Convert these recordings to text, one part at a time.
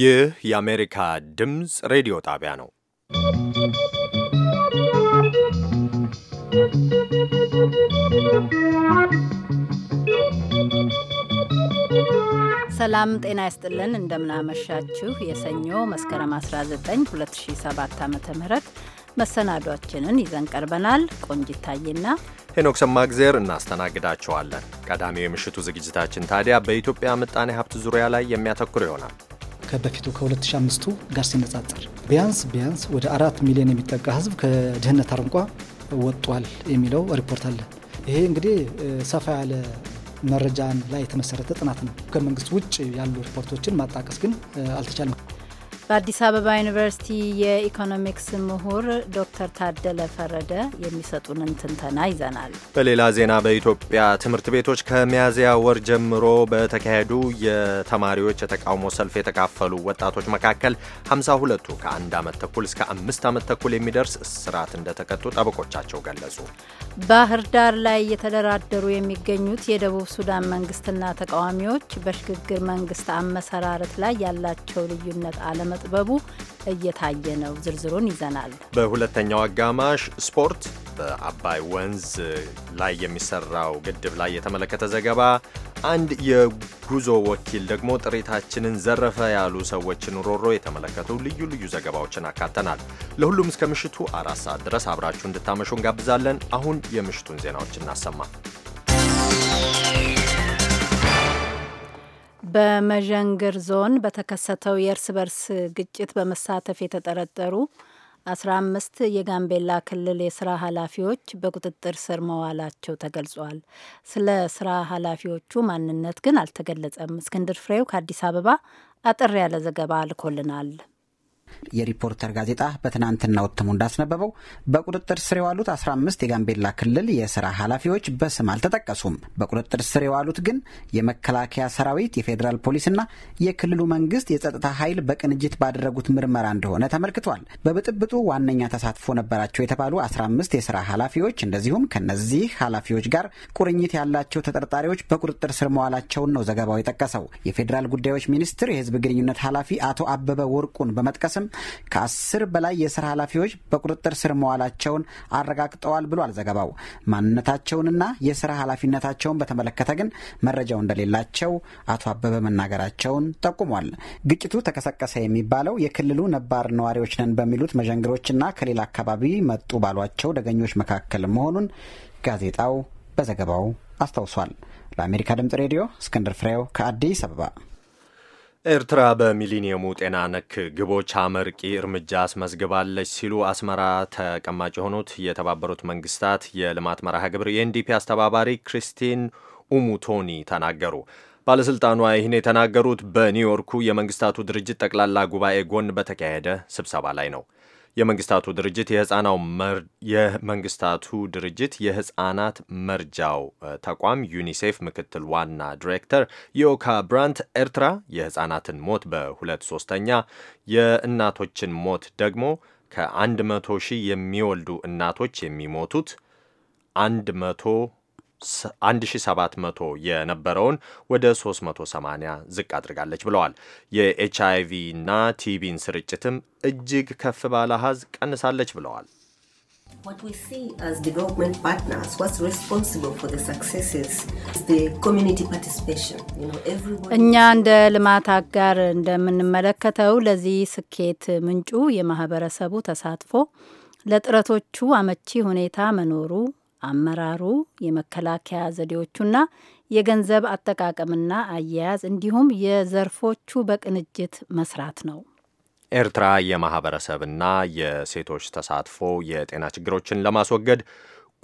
ይህ የአሜሪካ ድምፅ ሬዲዮ ጣቢያ ነው። ሰላም ጤና ይስጥልን። እንደምናመሻችሁ የሰኞ መስከረም 19 2007 ዓ ም መሰናዷችንን ይዘን ቀርበናል። ቆንጂታዬና ሄኖክ ሰማግዜር እናስተናግዳቸዋለን። ቀዳሚው የምሽቱ ዝግጅታችን ታዲያ በኢትዮጵያ ምጣኔ ሀብት ዙሪያ ላይ የሚያተኩር ይሆናል። ከበፊቱ ከ2005ቱ ጋር ሲነጻጸር ቢያንስ ቢያንስ ወደ አራት ሚሊዮን የሚጠጋ ህዝብ ከድህነት አረንቋ ወጥቷል የሚለው ሪፖርት አለ። ይሄ እንግዲህ ሰፋ ያለ መረጃን ላይ የተመሰረተ ጥናት ነው። ከመንግስት ውጭ ያሉ ሪፖርቶችን ማጣቀስ ግን አልተቻለም። በአዲስ አበባ ዩኒቨርሲቲ የኢኮኖሚክስ ምሁር ዶክተር ታደለ ፈረደ የሚሰጡንን ትንተና ይዘናል። በሌላ ዜና በኢትዮጵያ ትምህርት ቤቶች ከሚያዝያ ወር ጀምሮ በተካሄዱ የተማሪዎች የተቃውሞ ሰልፍ የተካፈሉ ወጣቶች መካከል 52ቱ ከአንድ ዓመት ተኩል እስከ አምስት ዓመት ተኩል የሚደርስ እስራት እንደተቀጡ ጠበቆቻቸው ገለጹ። ባህር ዳር ላይ እየተደራደሩ የሚገኙት የደቡብ ሱዳን መንግስትና ተቃዋሚዎች በሽግግር መንግስት አመሰራረት ላይ ያላቸው ልዩነት አለመ መጥበቡ እየታየ ነው። ዝርዝሩን ይዘናል። በሁለተኛው አጋማሽ ስፖርት፣ በአባይ ወንዝ ላይ የሚሰራው ግድብ ላይ የተመለከተ ዘገባ፣ አንድ የጉዞ ወኪል ደግሞ ጥሪታችንን ዘረፈ ያሉ ሰዎችን ሮሮ የተመለከቱ ልዩ ልዩ ዘገባዎችን አካተናል። ለሁሉም እስከ ምሽቱ አራት ሰዓት ድረስ አብራችሁ እንድታመሹ እንጋብዛለን። አሁን የምሽቱን ዜናዎች እናሰማ። በመዠንግር ዞን በተከሰተው የእርስ በርስ ግጭት በመሳተፍ የተጠረጠሩ አስራ አምስት የጋምቤላ ክልል የስራ ኃላፊዎች በቁጥጥር ስር መዋላቸው ተገልጿል። ስለ ስራ ኃላፊዎቹ ማንነት ግን አልተገለጸም። እስክንድር ፍሬው ከአዲስ አበባ አጠር ያለ ዘገባ ልኮልናል። የሪፖርተር ጋዜጣ በትናንትናው እትሙ እንዳስነበበው በቁጥጥር ስር የዋሉት 15 የጋምቤላ ክልል የስራ ኃላፊዎች በስም አልተጠቀሱም። በቁጥጥር ስር የዋሉት ግን የመከላከያ ሰራዊት፣ የፌዴራል ፖሊስና የክልሉ መንግስት የጸጥታ ኃይል በቅንጅት ባደረጉት ምርመራ እንደሆነ ተመልክቷል። በብጥብጡ ዋነኛ ተሳትፎ ነበራቸው የተባሉ 15 የስራ ኃላፊዎች እንደዚሁም ከነዚህ ኃላፊዎች ጋር ቁርኝት ያላቸው ተጠርጣሪዎች በቁጥጥር ስር መዋላቸውን ነው ዘገባው የጠቀሰው። የፌዴራል ጉዳዮች ሚኒስቴር የህዝብ ግንኙነት ኃላፊ አቶ አበበ ወርቁን በመጥቀስም በመሆናቸውም ከአስር በላይ የስራ ኃላፊዎች በቁጥጥር ስር መዋላቸውን አረጋግጠዋል ብሏል ዘገባው። ማንነታቸውንና የስራ ኃላፊነታቸውን በተመለከተ ግን መረጃው እንደሌላቸው አቶ አበበ መናገራቸውን ጠቁሟል። ግጭቱ ተቀሰቀሰ የሚባለው የክልሉ ነባር ነዋሪዎች ነን በሚሉት መዠንግሮችና ከሌላ አካባቢ መጡ ባሏቸው ደገኞች መካከል መሆኑን ጋዜጣው በዘገባው አስታውሷል። ለአሜሪካ ድምጽ ሬዲዮ እስክንድር ፍሬው ከአዲስ አበባ ኤርትራ በሚሊኒየሙ ጤና ነክ ግቦች አመርቂ እርምጃ አስመዝግባለች ሲሉ አስመራ ተቀማጭ የሆኑት የተባበሩት መንግስታት የልማት መርሃ ግብር የኤንዲፒ አስተባባሪ ክሪስቲን ኡሙቶኒ ተናገሩ። ባለሥልጣኗ ይህን የተናገሩት በኒውዮርኩ የመንግስታቱ ድርጅት ጠቅላላ ጉባኤ ጎን በተካሄደ ስብሰባ ላይ ነው። የመንግስታቱ ድርጅት የህፃናው የመንግስታቱ ድርጅት የህፃናት መርጃው ተቋም ዩኒሴፍ ምክትል ዋና ዲሬክተር ዮካ ብራንት ኤርትራ የህፃናትን ሞት በሁለት ሶስተኛ የእናቶችን ሞት ደግሞ ከአንድ መቶ ሺህ የሚወልዱ እናቶች የሚሞቱት አንድ መቶ 1700 የነበረውን ወደ 380 ዝቅ አድርጋለች ብለዋል። የኤች አይቪና ቲቪን ስርጭትም እጅግ ከፍ ባለ አሃዝ ቀንሳለች ብለዋል። What we see as development partners, what's responsible for the success is the community participation. You know, everyone... እኛ እንደ ልማት አጋር እንደምንመለከተው ለዚህ ስኬት ምንጩ የማህበረሰቡ ተሳትፎ፣ ለጥረቶቹ አመቺ ሁኔታ መኖሩ፣ አመራሩ የመከላከያ ዘዴዎቹና የገንዘብ አጠቃቀምና አያያዝ እንዲሁም የዘርፎቹ በቅንጅት መስራት ነው። ኤርትራ የማህበረሰብና የሴቶች ተሳትፎ የጤና ችግሮችን ለማስወገድ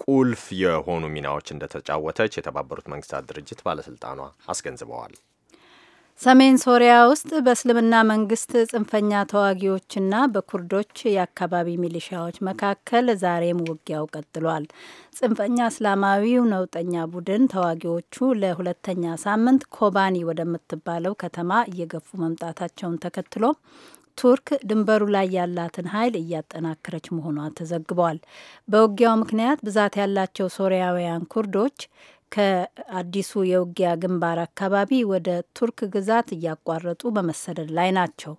ቁልፍ የሆኑ ሚናዎች እንደተጫወተች የተባበሩት መንግስታት ድርጅት ባለስልጣኗ አስገንዝበዋል። ሰሜን ሶሪያ ውስጥ በእስልምና መንግስት ጽንፈኛ ተዋጊዎችና በኩርዶች የአካባቢ ሚሊሻዎች መካከል ዛሬም ውጊያው ቀጥሏል። ጽንፈኛ እስላማዊው ነውጠኛ ቡድን ተዋጊዎቹ ለሁለተኛ ሳምንት ኮባኒ ወደምትባለው ከተማ እየገፉ መምጣታቸውን ተከትሎ ቱርክ ድንበሩ ላይ ያላትን ኃይል እያጠናከረች መሆኗ ተዘግቧል። በውጊያው ምክንያት ብዛት ያላቸው ሶሪያውያን ኩርዶች ከአዲሱ የውጊያ ግንባር አካባቢ ወደ ቱርክ ግዛት እያቋረጡ በመሰደድ ላይ ናቸው።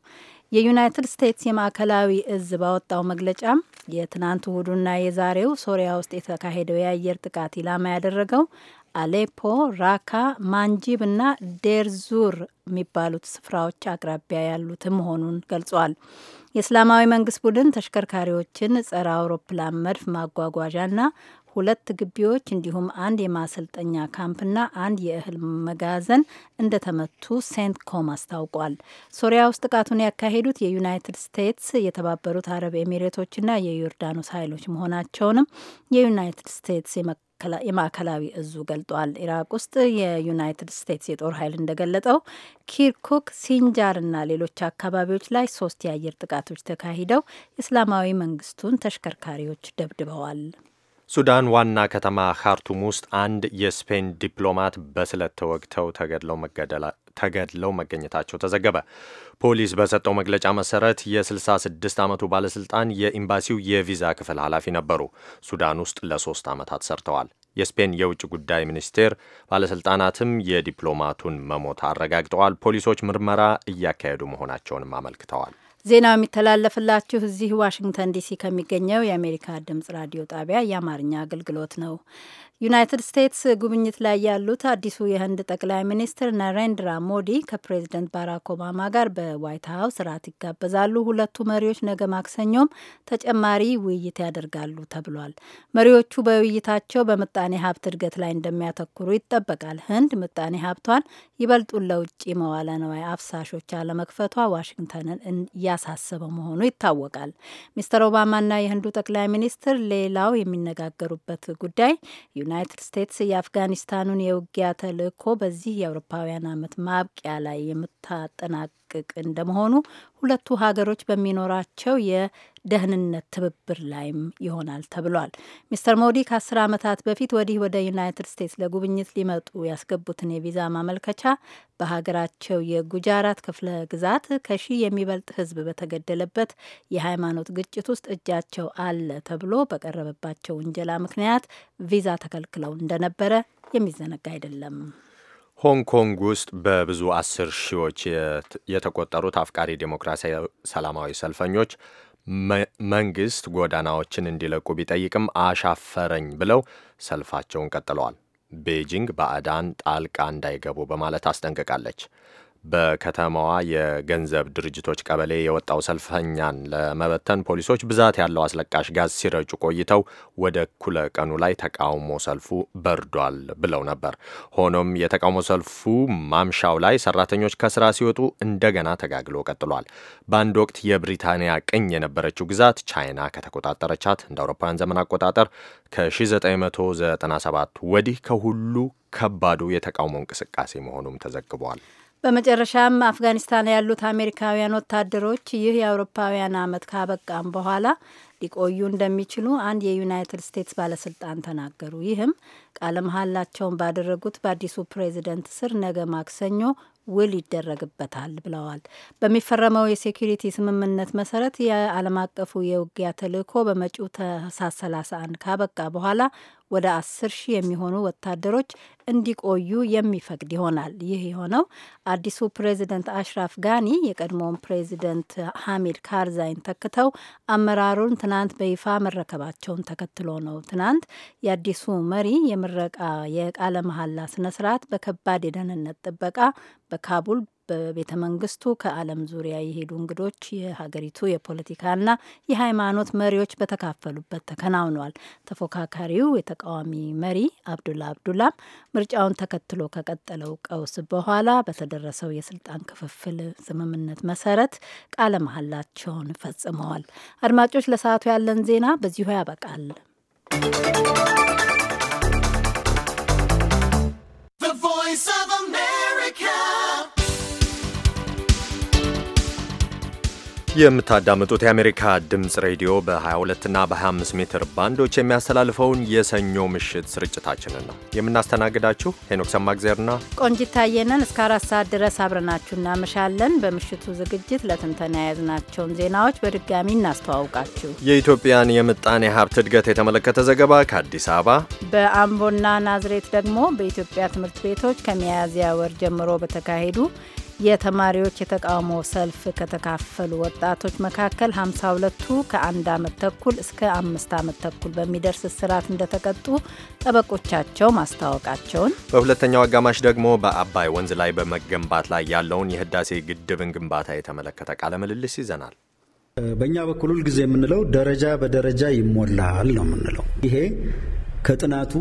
የዩናይትድ ስቴትስ የማዕከላዊ እዝ ባወጣው መግለጫም የትናንት እሁዱና የዛሬው ሶሪያ ውስጥ የተካሄደው የአየር ጥቃት ኢላማ ያደረገው አሌፖ፣ ራካ፣ ማንጂብ እና ዴርዙር የሚባሉት ስፍራዎች አቅራቢያ ያሉት መሆኑን ገልጿል። የእስላማዊ መንግስት ቡድን ተሽከርካሪዎችን፣ ጸረ አውሮፕላን መድፍ ማጓጓዣና ሁለት ግቢዎች እንዲሁም አንድ የማሰልጠኛ ካምፕና አንድ የእህል መጋዘን እንደተመቱ ሴንት ኮም አስታውቋል። ሶሪያ ውስጥ ጥቃቱን ያካሄዱት የዩናይትድ ስቴትስ፣ የተባበሩት አረብ ኤሚሬቶችና የዮርዳኖስ ኃይሎች መሆናቸውንም የዩናይትድ ስቴትስ የማዕከላዊ እዙ ገልጧል። ኢራቅ ውስጥ የዩናይትድ ስቴትስ የጦር ኃይል እንደገለጠው ኪርኩክ፣ እና ሌሎች አካባቢዎች ላይ ሶስት የአየር ጥቃቶች ተካሂደው እስላማዊ መንግስቱን ተሽከርካሪዎች ደብድበዋል። ሱዳን ዋና ከተማ ካርቱም ውስጥ አንድ የስፔን ዲፕሎማት በስለት ተወግተው ተገድለው መገኘታቸው ተዘገበ። ፖሊስ በሰጠው መግለጫ መሰረት የ66 ዓመቱ ባለሥልጣን የኤምባሲው የቪዛ ክፍል ኃላፊ ነበሩ። ሱዳን ውስጥ ለሶስት ዓመታት ሰርተዋል። የስፔን የውጭ ጉዳይ ሚኒስቴር ባለሥልጣናትም የዲፕሎማቱን መሞት አረጋግጠዋል። ፖሊሶች ምርመራ እያካሄዱ መሆናቸውንም አመልክተዋል። ዜናው የሚተላለፍላችሁ እዚህ ዋሽንግተን ዲሲ ከሚገኘው የአሜሪካ ድምጽ ራዲዮ ጣቢያ የአማርኛ አገልግሎት ነው። ዩናይትድ ስቴትስ ጉብኝት ላይ ያሉት አዲሱ የህንድ ጠቅላይ ሚኒስትር ናሬንድራ ሞዲ ከፕሬዚደንት ባራክ ኦባማ ጋር በዋይት ሀውስ እራት ይጋበዛሉ። ሁለቱ መሪዎች ነገ ማክሰኞም ተጨማሪ ውይይት ያደርጋሉ ተብሏል። መሪዎቹ በውይይታቸው በምጣኔ ሀብት እድገት ላይ እንደሚያተኩሩ ይጠበቃል። ህንድ ምጣኔ ሀብቷን ይበልጡን ለውጭ መዋለ ንዋይ አፍሳሾች አለመክፈቷ ዋሽንግተንን እያሳሰበ መሆኑ ይታወቃል። ሚስተር ኦባማና የህንዱ ጠቅላይ ሚኒስትር ሌላው የሚነጋገሩበት ጉዳይ ዩናይትድ ስቴትስ የአፍጋኒስታኑን የውጊያ ተልእኮ በዚህ የአውሮፓውያን አመት ማብቂያ ላይ የምታጠናቅ የሚያጠናቅቅ እንደመሆኑ ሁለቱ ሀገሮች በሚኖራቸው የደህንነት ትብብር ላይም ይሆናል ተብሏል። ሚስተር ሞዲ ከአስር ዓመታት በፊት ወዲህ ወደ ዩናይትድ ስቴትስ ለጉብኝት ሊመጡ ያስገቡትን የቪዛ ማመልከቻ በሀገራቸው የጉጃራት ክፍለ ግዛት ከሺህ የሚበልጥ ሕዝብ በተገደለበት የሃይማኖት ግጭት ውስጥ እጃቸው አለ ተብሎ በቀረበባቸው ውንጀላ ምክንያት ቪዛ ተከልክለው እንደነበረ የሚዘነጋ አይደለም። ሆንግ ኮንግ ውስጥ በብዙ አስር ሺዎች የተቆጠሩት አፍቃሪ ዴሞክራሲያዊ ሰላማዊ ሰልፈኞች መንግስት ጎዳናዎችን እንዲለቁ ቢጠይቅም አሻፈረኝ ብለው ሰልፋቸውን ቀጥለዋል። ቤጂንግ ባዕዳን ጣልቃ እንዳይገቡ በማለት አስጠንቅቃለች። በከተማዋ የገንዘብ ድርጅቶች ቀበሌ የወጣው ሰልፈኛን ለመበተን ፖሊሶች ብዛት ያለው አስለቃሽ ጋዝ ሲረጩ ቆይተው ወደ እኩለ ቀኑ ላይ ተቃውሞ ሰልፉ በርዷል ብለው ነበር። ሆኖም የተቃውሞ ሰልፉ ማምሻው ላይ ሰራተኞች ከስራ ሲወጡ እንደገና ተጋግሎ ቀጥሏል። በአንድ ወቅት የብሪታንያ ቅኝ የነበረችው ግዛት ቻይና ከተቆጣጠረቻት እንደ አውሮፓውያን ዘመን አቆጣጠር ከ1997 ወዲህ ከሁሉ ከባዱ የተቃውሞ እንቅስቃሴ መሆኑም ተዘግቧል። በመጨረሻም አፍጋኒስታን ያሉት አሜሪካውያን ወታደሮች ይህ የአውሮፓውያን አመት ካበቃም በኋላ ሊቆዩ እንደሚችሉ አንድ የዩናይትድ ስቴትስ ባለስልጣን ተናገሩ። ይህም ቃለ መሀላቸውን ባደረጉት በአዲሱ ፕሬዚደንት ስር ነገ ማክሰኞ ውል ይደረግበታል ብለዋል። በሚፈረመው የሴኩሪቲ ስምምነት መሰረት የዓለም አቀፉ የውጊያ ተልእኮ በመጪው ታህሳስ 31 ካበቃ በኋላ ወደ አስር ሺህ የሚሆኑ ወታደሮች እንዲቆዩ የሚፈቅድ ይሆናል። ይህ የሆነው አዲሱ ፕሬዚደንት አሽራፍ ጋኒ የቀድሞውን ፕሬዚደንት ሐሚድ ካርዛይን ተክተው አመራሩን ትናንት በይፋ መረከባቸውን ተከትሎ ነው። ትናንት የአዲሱ መሪ የምረቃ የቃለ መሐላ ስነ ስርዓት በከባድ የደህንነት ጥበቃ በካቡል በቤተ መንግስቱ ከዓለም ዙሪያ የሄዱ እንግዶች፣ የሀገሪቱ የፖለቲካና የሃይማኖት መሪዎች በተካፈሉበት ተከናውኗል። ተፎካካሪው የተቃዋሚ መሪ አብዱላ አብዱላም ምርጫውን ተከትሎ ከቀጠለው ቀውስ በኋላ በተደረሰው የስልጣን ክፍፍል ስምምነት መሰረት ቃለ መሐላቸውን ፈጽመዋል። አድማጮች፣ ለሰዓቱ ያለን ዜና በዚሁ ያበቃል። የምታዳምጡት የአሜሪካ ድምፅ ሬዲዮ በ22 እና በ25 ሜትር ባንዶች የሚያስተላልፈውን የሰኞ ምሽት ስርጭታችንን ነው የምናስተናግዳችሁ። ሄኖክ ሰማግዜርና ቆንጂት ታየነን እስከ አራት ሰዓት ድረስ አብረናችሁ እናመሻለን። በምሽቱ ዝግጅት ለትንተና የያዝናቸውን ዜናዎች በድጋሚ እናስተዋውቃችሁ። የኢትዮጵያን የምጣኔ ሀብት እድገት የተመለከተ ዘገባ ከአዲስ አበባ፣ በአምቦና ናዝሬት ደግሞ በኢትዮጵያ ትምህርት ቤቶች ከሚያዝያ ወር ጀምሮ በተካሄዱ የተማሪዎች የተቃውሞ ሰልፍ ከተካፈሉ ወጣቶች መካከል 52ቱ ከአንድ ዓመት ተኩል እስከ አምስት ዓመት ተኩል በሚደርስ እስራት እንደተቀጡ ጠበቆቻቸው ማስታወቃቸውን፣ በሁለተኛው አጋማሽ ደግሞ በአባይ ወንዝ ላይ በመገንባት ላይ ያለውን የህዳሴ ግድብን ግንባታ የተመለከተ ቃለ ምልልስ ይዘናል። በእኛ በኩል ሁልጊዜ የምንለው ደረጃ በደረጃ ይሞላል ነው የምንለው። ይሄ ከጥናቱ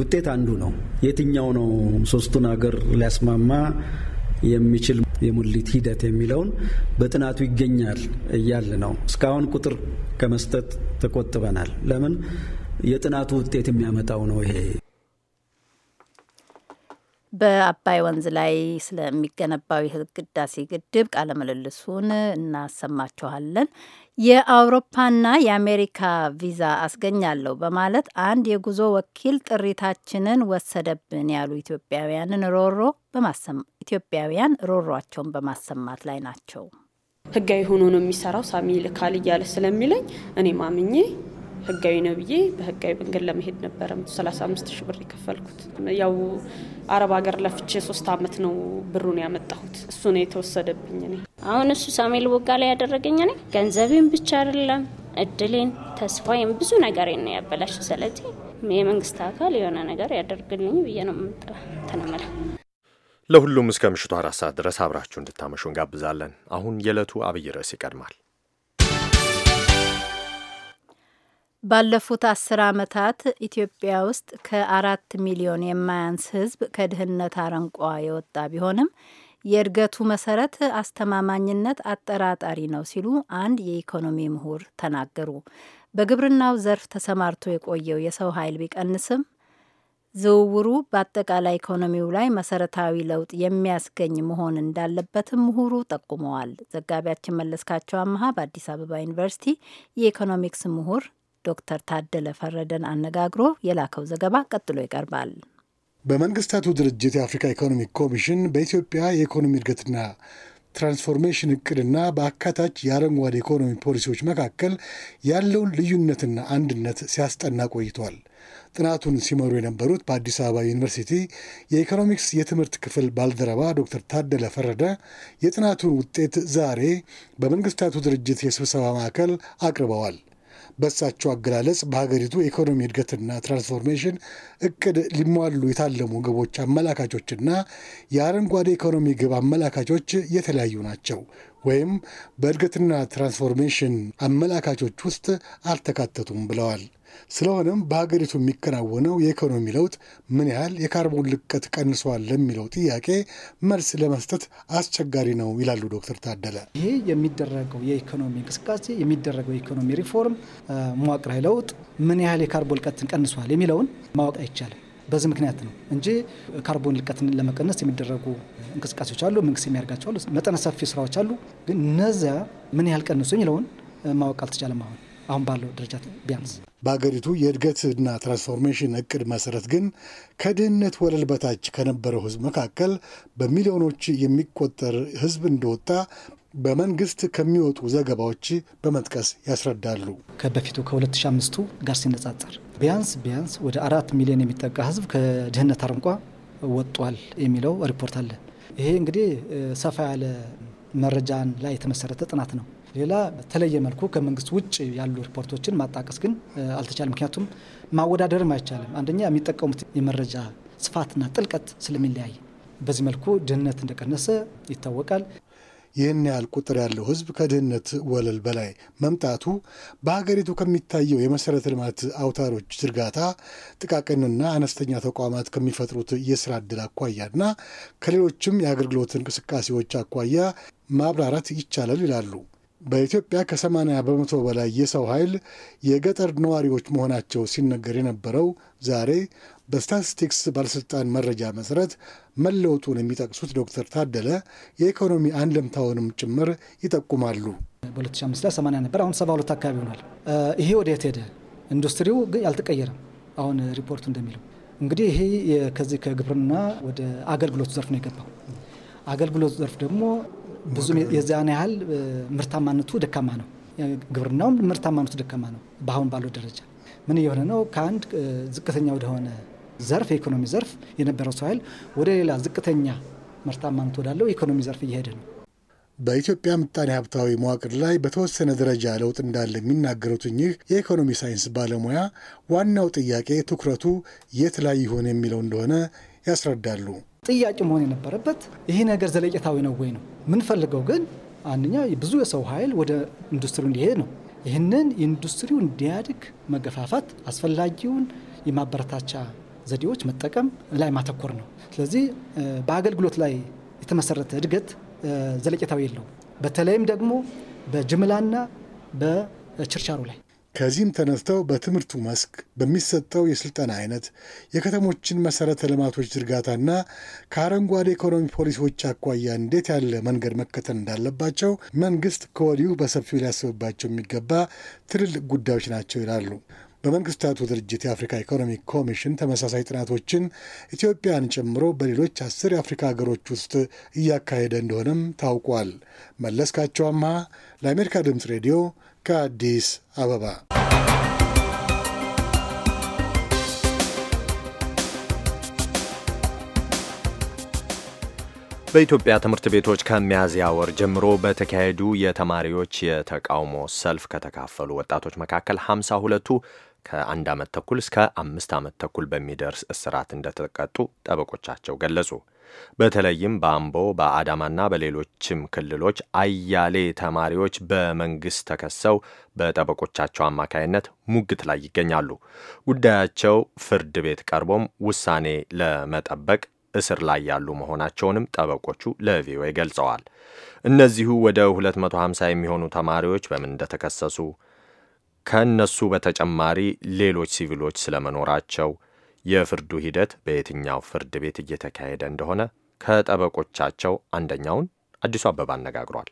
ውጤት አንዱ ነው። የትኛው ነው ሶስቱን ሀገር ሊያስማማ የሚችል የሙሊት ሂደት የሚለውን በጥናቱ ይገኛል እያል ነው። እስካሁን ቁጥር ከመስጠት ተቆጥበናል። ለምን የጥናቱ ውጤት የሚያመጣው ነው ይሄ በአባይ ወንዝ ላይ ስለሚገነባው የህዳሴ ግድብ ቃለ ምልልሱን እናሰማችኋለን። የአውሮፓና የአሜሪካ ቪዛ አስገኛለሁ በማለት አንድ የጉዞ ወኪል ጥሪታችንን ወሰደብን ያሉ ኢትዮጵያውያንን ሮሮ ኢትዮጵያውያን ሮሯቸውን በማሰማት ላይ ናቸው። ህጋዊ ሆኖ ነው የሚሰራው ሳሚ ልካል እያለ ስለሚለኝ እኔ ማምኜ ህጋዊ ነው ብዬ በህጋዊ መንገድ ለመሄድ ነበረ 35 ሺ ብር የከፈልኩት። ያው አረብ ሀገር ለፍቼ ሶስት አመት ነው ብሩን ያመጣሁት። እሱ ነው የተወሰደብኝ እኔ አሁን እሱ ሳሙኤል ቦጋ ላይ ያደረገኝ እኔ ገንዘቤን ብቻ አይደለም እድሌን፣ ተስፋዬን፣ ብዙ ነገሬን ነው ያበላሽ። ስለዚህ የመንግስት አካል የሆነ ነገር ያደርግልኝ ብዬ ነው ተነመለ። ለሁሉም እስከ ምሽቱ አራት ሰዓት ድረስ አብራችሁ እንድታመሹ እንጋብዛለን። አሁን የዕለቱ አብይ ርዕስ ይቀድማል። ባለፉት አስር ዓመታት ኢትዮጵያ ውስጥ ከአራት ሚሊዮን የማያንስ ህዝብ ከድህነት አረንቋ የወጣ ቢሆንም የእድገቱ መሰረት አስተማማኝነት አጠራጣሪ ነው ሲሉ አንድ የኢኮኖሚ ምሁር ተናገሩ። በግብርናው ዘርፍ ተሰማርቶ የቆየው የሰው ኃይል ቢቀንስም ዝውውሩ በአጠቃላይ ኢኮኖሚው ላይ መሰረታዊ ለውጥ የሚያስገኝ መሆን እንዳለበትም ምሁሩ ጠቁመዋል። ዘጋቢያችን መለስካቸው አመሃ በአዲስ አበባ ዩኒቨርሲቲ የኢኮኖሚክስ ምሁር ዶክተር ታደለ ፈረደን አነጋግሮ የላከው ዘገባ ቀጥሎ ይቀርባል። በመንግስታቱ ድርጅት የአፍሪካ ኢኮኖሚክ ኮሚሽን በኢትዮጵያ የኢኮኖሚ እድገትና ትራንስፎርሜሽን እቅድና በአካታች የአረንጓዴ ኢኮኖሚ ፖሊሲዎች መካከል ያለውን ልዩነትና አንድነት ሲያስጠና ቆይቷል። ጥናቱን ሲመሩ የነበሩት በአዲስ አበባ ዩኒቨርሲቲ የኢኮኖሚክስ የትምህርት ክፍል ባልደረባ ዶክተር ታደለ ፈረደ የጥናቱን ውጤት ዛሬ በመንግስታቱ ድርጅት የስብሰባ ማዕከል አቅርበዋል። በሳቸው አገላለጽ በሀገሪቱ የኢኮኖሚ እድገትና ትራንስፎርሜሽን እቅድ ሊሟሉ የታለሙ ግቦች አመላካቾችና የአረንጓዴ ኢኮኖሚ ግብ አመላካቾች የተለያዩ ናቸው ወይም በእድገትና ትራንስፎርሜሽን አመላካቾች ውስጥ አልተካተቱም ብለዋል። ስለሆነም በሀገሪቱ የሚከናወነው የኢኮኖሚ ለውጥ ምን ያህል የካርቦን ልቀት ቀንሷል ለሚለው ጥያቄ መልስ ለመስጠት አስቸጋሪ ነው ይላሉ ዶክተር ታደለ። ይሄ የሚደረገው የኢኮኖሚ እንቅስቃሴ የሚደረገው የኢኮኖሚ ሪፎርም፣ መዋቅራዊ ለውጥ ምን ያህል የካርቦን ልቀትን ቀንሷል የሚለውን ማወቅ አይቻልም። በዚህ ምክንያት ነው እንጂ ካርቦን ልቀትን ለመቀነስ የሚደረጉ እንቅስቃሴዎች አሉ፣ መንግስት የሚያደርጋቸው አሉ፣ መጠነ ሰፊ ስራዎች አሉ። ግን እነዚያ ምን ያህል ቀንሱ የሚለውን ማወቅ አልተቻለም አሁን አሁን ባለው ደረጃ ቢያንስ በሀገሪቱ የእድገትና ትራንስፎርሜሽን እቅድ መሰረት ግን ከድህነት ወለል በታች ከነበረው ህዝብ መካከል በሚሊዮኖች የሚቆጠር ህዝብ እንደወጣ በመንግስት ከሚወጡ ዘገባዎች በመጥቀስ ያስረዳሉ። ከበፊቱ ከ2005ቱ ጋር ሲነጻጸር ቢያንስ ቢያንስ ወደ አራት ሚሊዮን የሚጠጋ ህዝብ ከድህነት አረንቋ ወጧል የሚለው ሪፖርት አለ። ይሄ እንግዲህ ሰፋ ያለ መረጃን ላይ የተመሰረተ ጥናት ነው። ሌላ በተለየ መልኩ ከመንግስት ውጭ ያሉ ሪፖርቶችን ማጣቀስ ግን አልተቻለም። ምክንያቱም ማወዳደርም አይቻልም። አንደኛ የሚጠቀሙት የመረጃ ስፋትና ጥልቀት ስለሚለያይ፣ በዚህ መልኩ ድህነት እንደቀነሰ ይታወቃል። ይህን ያህል ቁጥር ያለው ህዝብ ከድህነት ወለል በላይ መምጣቱ በሀገሪቱ ከሚታየው የመሰረተ ልማት አውታሮች ዝርጋታ፣ ጥቃቅንና አነስተኛ ተቋማት ከሚፈጥሩት የስራ እድል አኳያና ከሌሎችም የአገልግሎት እንቅስቃሴዎች አኳያ ማብራራት ይቻላል ይላሉ። በኢትዮጵያ ከ80 በመቶ በላይ የሰው ኃይል የገጠር ነዋሪዎች መሆናቸው ሲነገር የነበረው ዛሬ በስታቲስቲክስ ባለሥልጣን መረጃ መሠረት መለወጡን የሚጠቅሱት ዶክተር ታደለ የኢኮኖሚ አንድምታውንም ጭምር ይጠቁማሉ። በ2005 ላይ 80 ነበር፣ አሁን 72 አካባቢ ሆኗል። ይሄ ወደ የት ሄደ? ኢንዱስትሪው ግን አልተቀየረም። አሁን ሪፖርቱ እንደሚለው እንግዲህ ይሄ ከዚህ ከግብርና ወደ አገልግሎት ዘርፍ ነው የገባው። አገልግሎት ዘርፍ ደግሞ ብዙም የዚያን ያህል ምርታማነቱ ደካማ ነው። ግብርናውም ምርታማነቱ ደካማ ነው። በአሁን ባለው ደረጃ ምን እየሆነ ነው? ከአንድ ዝቅተኛ ወደሆነ ዘርፍ የኢኮኖሚ ዘርፍ የነበረው ሰው ኃይል ወደ ሌላ ዝቅተኛ ምርታማነት ወዳለው የኢኮኖሚ ዘርፍ እየሄደ ነው። በኢትዮጵያ ምጣኔ ሀብታዊ መዋቅር ላይ በተወሰነ ደረጃ ለውጥ እንዳለ የሚናገሩት እኚህ የኢኮኖሚ ሳይንስ ባለሙያ ዋናው ጥያቄ ትኩረቱ የት ላይ ይሆን የሚለው እንደሆነ ያስረዳሉ። ጥያቄ መሆን የነበረበት ይሄ ነገር ዘለቄታዊ ነው ወይ ነው የምንፈልገው። ግን አንደኛ ብዙ የሰው ኃይል ወደ ኢንዱስትሪው እንዲሄድ ነው። ይህንን ኢንዱስትሪው እንዲያድግ መገፋፋት፣ አስፈላጊውን የማበረታቻ ዘዴዎች መጠቀም ላይ ማተኮር ነው። ስለዚህ በአገልግሎት ላይ የተመሰረተ እድገት ዘለቄታዊ የለውም። በተለይም ደግሞ በጅምላና በችርቻሩ ላይ ከዚህም ተነስተው በትምህርቱ መስክ በሚሰጠው የስልጠና አይነት የከተሞችን መሰረተ ልማቶች ዝርጋታና ከአረንጓዴ ኢኮኖሚ ፖሊሲዎች አኳያ እንዴት ያለ መንገድ መከተል እንዳለባቸው መንግስት ከወዲሁ በሰፊው ሊያስብባቸው የሚገባ ትልልቅ ጉዳዮች ናቸው ይላሉ። በመንግስታቱ ድርጅት የአፍሪካ ኢኮኖሚክ ኮሚሽን ተመሳሳይ ጥናቶችን ኢትዮጵያን ጨምሮ በሌሎች አስር የአፍሪካ ሀገሮች ውስጥ እያካሄደ እንደሆነም ታውቋል። መለስካቸው አምሃ ለአሜሪካ ድምፅ ሬዲዮ ከአዲስ አበባ በኢትዮጵያ ትምህርት ቤቶች ከሚያዝያ ወር ጀምሮ በተካሄዱ የተማሪዎች የተቃውሞ ሰልፍ ከተካፈሉ ወጣቶች መካከል ሃምሳ ሁለቱ ከአንድ ዓመት ተኩል እስከ አምስት ዓመት ተኩል በሚደርስ እስራት እንደተቀጡ ጠበቆቻቸው ገለጹ። በተለይም በአምቦ በአዳማና በሌሎችም ክልሎች አያሌ ተማሪዎች በመንግሥት ተከሰው በጠበቆቻቸው አማካይነት ሙግት ላይ ይገኛሉ። ጉዳያቸው ፍርድ ቤት ቀርቦም ውሳኔ ለመጠበቅ እስር ላይ ያሉ መሆናቸውንም ጠበቆቹ ለቪኦኤ ገልጸዋል። እነዚሁ ወደ 250 የሚሆኑ ተማሪዎች በምን እንደተከሰሱ ከእነሱ በተጨማሪ ሌሎች ሲቪሎች ስለመኖራቸው የፍርዱ ሂደት በየትኛው ፍርድ ቤት እየተካሄደ እንደሆነ ከጠበቆቻቸው አንደኛውን አዲሱ አበባ አነጋግሯል።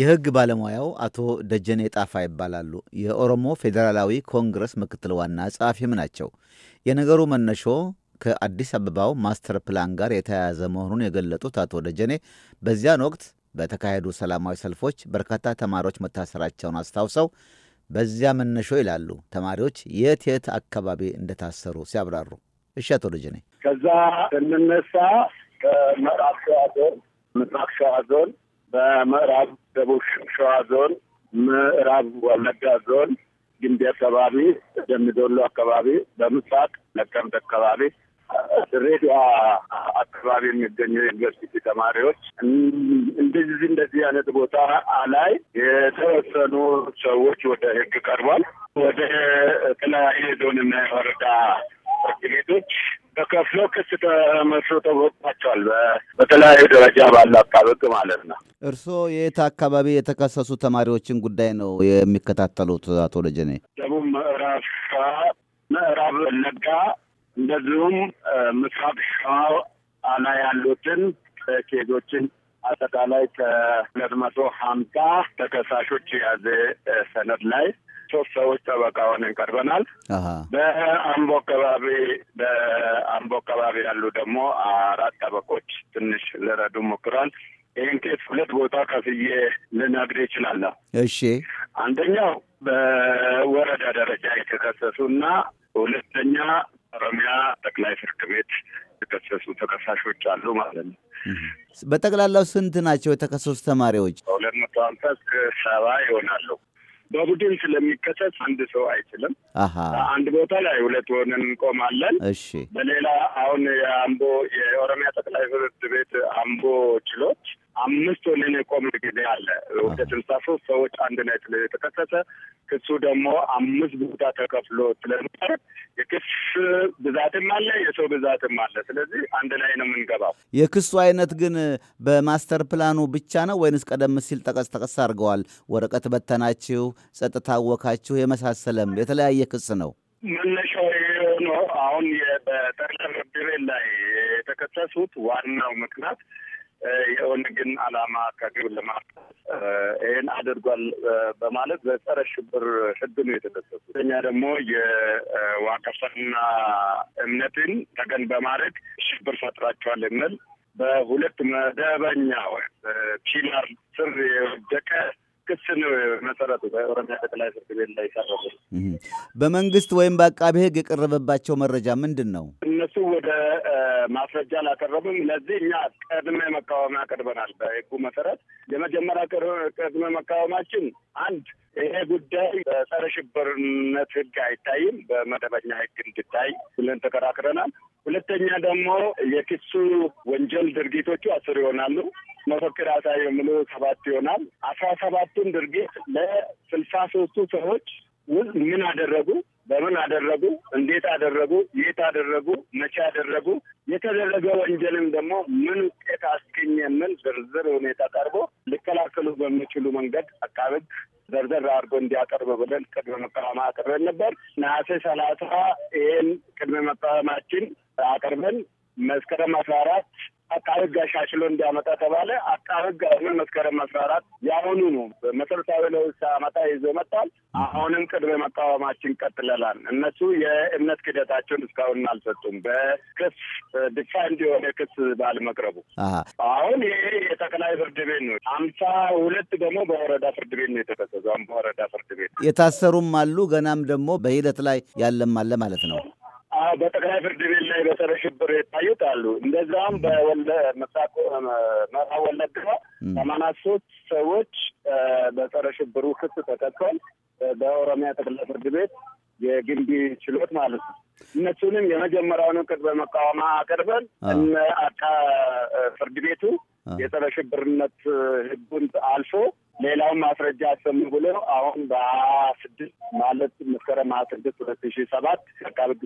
የሕግ ባለሙያው አቶ ደጀኔ ጣፋ ይባላሉ። የኦሮሞ ፌዴራላዊ ኮንግረስ ምክትል ዋና ጸሐፊም ናቸው። የነገሩ መነሾ ከአዲስ አበባው ማስተር ፕላን ጋር የተያያዘ መሆኑን የገለጡት አቶ ደጀኔ በዚያን ወቅት በተካሄዱ ሰላማዊ ሰልፎች በርካታ ተማሪዎች መታሰራቸውን አስታውሰው በዚያ መነሾ ይላሉ ተማሪዎች የት የት አካባቢ እንደታሰሩ ሲያብራሩ። እሺ አቶ ልጅ ነኝ። ከዛ ስንነሳ ከምዕራብ ሸዋ ዞን፣ ምስራቅ ሸዋ ዞን፣ በምዕራብ ደቡብ ሸዋ ዞን፣ ምዕራብ ወለጋ ዞን ግንቢ አካባቢ፣ ደምቢዶሎ አካባቢ፣ በምስራቅ ነቀምት አካባቢ ድሬዳዋ አካባቢ የሚገኙ ዩኒቨርሲቲ ተማሪዎች እንደዚህ እንደዚህ አይነት ቦታ ላይ የተወሰኑ ሰዎች ወደ ህግ ቀርቧል። ወደ ተለያዩ የዞንና የወረዳ ፍርድ ቤቶች ተከፍሎ ክስ ተመስሎ ተወጥቷቸዋል። በተለያዩ ደረጃ ባለ አካባቢ ማለት ነው። እርስዎ የት አካባቢ የተከሰሱ ተማሪዎችን ጉዳይ ነው የሚከታተሉት? አቶ ለጀኔ ደቡብ ምዕራብ ምዕራብ ወለጋ እንደዚሁም ምስራቅ ሸዋ ላይ ያሉትን ኬዞችን አጠቃላይ ከሁለት መቶ ሀምሳ ተከሳሾች የያዘ ሰነድ ላይ ሶስት ሰዎች ጠበቃ ሆነን ቀርበናል። በአምቦ አካባቢ በአምቦ አካባቢ ያሉ ደግሞ አራት ጠበቆች ትንሽ ልረዱ ሞክሯል። ይህን ኬስ ሁለት ቦታ ከፍዬ ልነግር ይችላለሁ። እሺ፣ አንደኛው በወረዳ ደረጃ የተከሰሱ እና ሁለተኛ ኦሮሚያ ጠቅላይ ፍርድ ቤት የተከሰሱ ተከሳሾች አሉ ማለት ነው። በጠቅላላው ስንት ናቸው የተከሰሱ ተማሪዎች? ሁለት መቶ ሀምሳ እስከ ሰባ ይሆናሉ። በቡድን ስለሚከሰስ አንድ ሰው አይችልም። አንድ ቦታ ላይ ሁለት ሆነን እንቆማለን። እሺ። በሌላ አሁን የአምቦ የኦሮሚያ ጠቅላይ ፍርድ ቤት አምቦ ችሎት አምስት ወለን የቆመ ጊዜ አለ። ወደ ስልሳ ሶስት ሰዎች አንድ ላይ ስለተከሰሰ ክሱ ደግሞ አምስት ቦታ ተከፍሎ ስለሚቀርብ የክስ ብዛትም አለ፣ የሰው ብዛትም አለ። ስለዚህ አንድ ላይ ነው የምንገባው። የክሱ አይነት ግን በማስተር ፕላኑ ብቻ ነው ወይንስ ቀደም ሲል ጠቀስ ጠቀስ አድርገዋል? ወረቀት በተናችሁ፣ ጸጥታ አወካችሁ የመሳሰለም የተለያየ ክስ ነው። መነሻው የሆነው አሁን በጠቅላይ ፍርድ ቤት ላይ የተከሰሱት ዋናው ምክንያት የኦነግን አላማ ከግብ ለማድረስ ይህን አድርጓል በማለት በጸረ ሽብር ህግ ነው የተደሰሱ። ሁለተኛ ደግሞ የዋቀፈና እምነትን ተገን በማድረግ ሽብር ፈጥራቸዋል የሚል በሁለት መደበኛ ፒላር ስር የወደቀ ክስ ነው መሰረቱ በኦሮሚያ ጠቅላይ ፍርድ ቤት ላይ ቀረቡ። በመንግስት ወይም በአቃቤ ሕግ የቀረበባቸው መረጃ ምንድን ነው? እነሱ ወደ ማስረጃ አላቀረቡም። ለዚህ እኛ ቀድመ መቃወሚያ አቅርበናል። በህጉ መሰረት የመጀመሪያ ቀድመ መቃወማችን አንድ ይሄ ጉዳይ በጸረ ሽብርነት ህግ አይታይም፣ በመደበኛ ህግ እንድታይ ብለን ተከራክረናል። ሁለተኛ ደግሞ የክሱ ወንጀል ድርጊቶቹ አስር ይሆናሉ። መፈክር አሳይ የሚሉ ሰባት ይሆናል። አስራ ሰባቱን ድርጊት ለስልሳ ሶስቱ ሰዎች ውስጥ ምን አደረጉ፣ በምን አደረጉ፣ እንዴት አደረጉ፣ የት አደረጉ፣ መቼ አደረጉ፣ የተደረገ ወንጀልም ደግሞ ምን ውጤት አስገኘ ምን ዝርዝር ሁኔታ ቀርቦ ሊከላከሉ በሚችሉ መንገድ አቃቤ ዘርዘር አድርጎ እንዲያቀርብ ብለን ቅድመ መቃወም አቅርበን ነበር። ነሐሴ ሰላሳ ይህን ቅድመ መቃወማችን አቅርበን መስከረም አስራ አራት አቃቤ ሕግ አሻሽሎ እንዲያመጣ ተባለ። አቃቤ ሕግ አሁን መስከረም አስራ አራት የአሁኑ ነው መሰረታዊ ለውሳ አመጣ ይዞ መጣል። አሁንም ቅድመ መቃወማችን ቀጥለላል። እነሱ የእምነት ክደታቸውን እስካሁን አልሰጡም። በክስ ዲፋይንድ የሆነ ክስ ባለመቅረቡ አሁን ይሄ የጠቅላይ ፍርድ ቤት ነው። አምሳ ሁለት ደግሞ በወረዳ ፍርድ ቤት ነው የተከሰሰው። በወረዳ ፍርድ ቤት የታሰሩም አሉ። ገናም ደግሞ በሂደት ላይ ያለም አለ ማለት ነው። በጠቅላይ ፍርድ ቤት ላይ በፀረ ሽብር የታዩት አሉ። እንደዛም መሳቆ መራ ወለጋ ሰማና ሶስት ሰዎች በሰረሽብሩ ሽብሩ ክስ ተከሰዋል። በኦሮሚያ ጠቅላይ ፍርድ ቤት የግንቢ ችሎት ማለት ነው። እነሱንም የመጀመሪያውን ቅጽ በመቃወማ አቅርበን እነ ፍርድ ቤቱ የጸረ ሽብርነት ህጉን አልፎ ሌላውን ማስረጃ አሰሙ ብሎ አሁን በሀያ ማለት መስከረም ሀያ ስድስት ሁለት ሺ ሰባት አቃቤ ህግ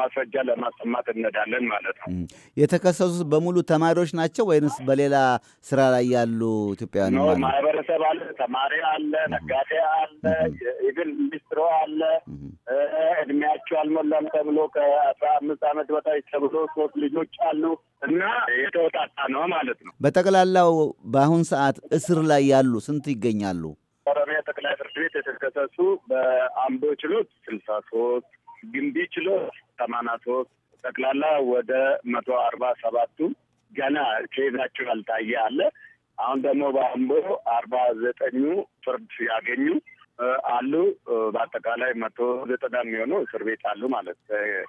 ማስረጃ ለማሰማት እንሄዳለን ማለት ነው። የተከሰሱት በሙሉ ተማሪዎች ናቸው ወይንስ በሌላ ስራ ላይ ያሉ ኢትዮጵያውያን? ማህበረሰብ አለ፣ ተማሪ አለ፣ ነጋዴ አለ፣ ኢቭን ሚኒስትሮ አለ፣ እድሜያቸው አልሞላ ህጻን ተብሎ ከአስራ አምስት አመት በታች ተብሎ ሶስት ልጆች አሉ እና የተወጣጣ ነው ማለት ነው። በጠቅላላው በአሁን ሰዓት እስር ላይ ያሉ ስንት ይገኛሉ? ኦሮሚያ ጠቅላይ ፍርድ ቤት የተከሰሱ በአምቦ ችሎት ስልሳ ሶስት ግንቢ ችሎት ሰማና ሶስት ጠቅላላ ወደ መቶ አርባ ሰባቱ ገና ኬዛቸው ያልታየ አለ። አሁን ደግሞ በአምቦ አርባ ዘጠኙ ፍርድ ያገኙ አሉ። በአጠቃላይ መቶ ዘጠና የሚሆኑ እስር ቤት አሉ ማለት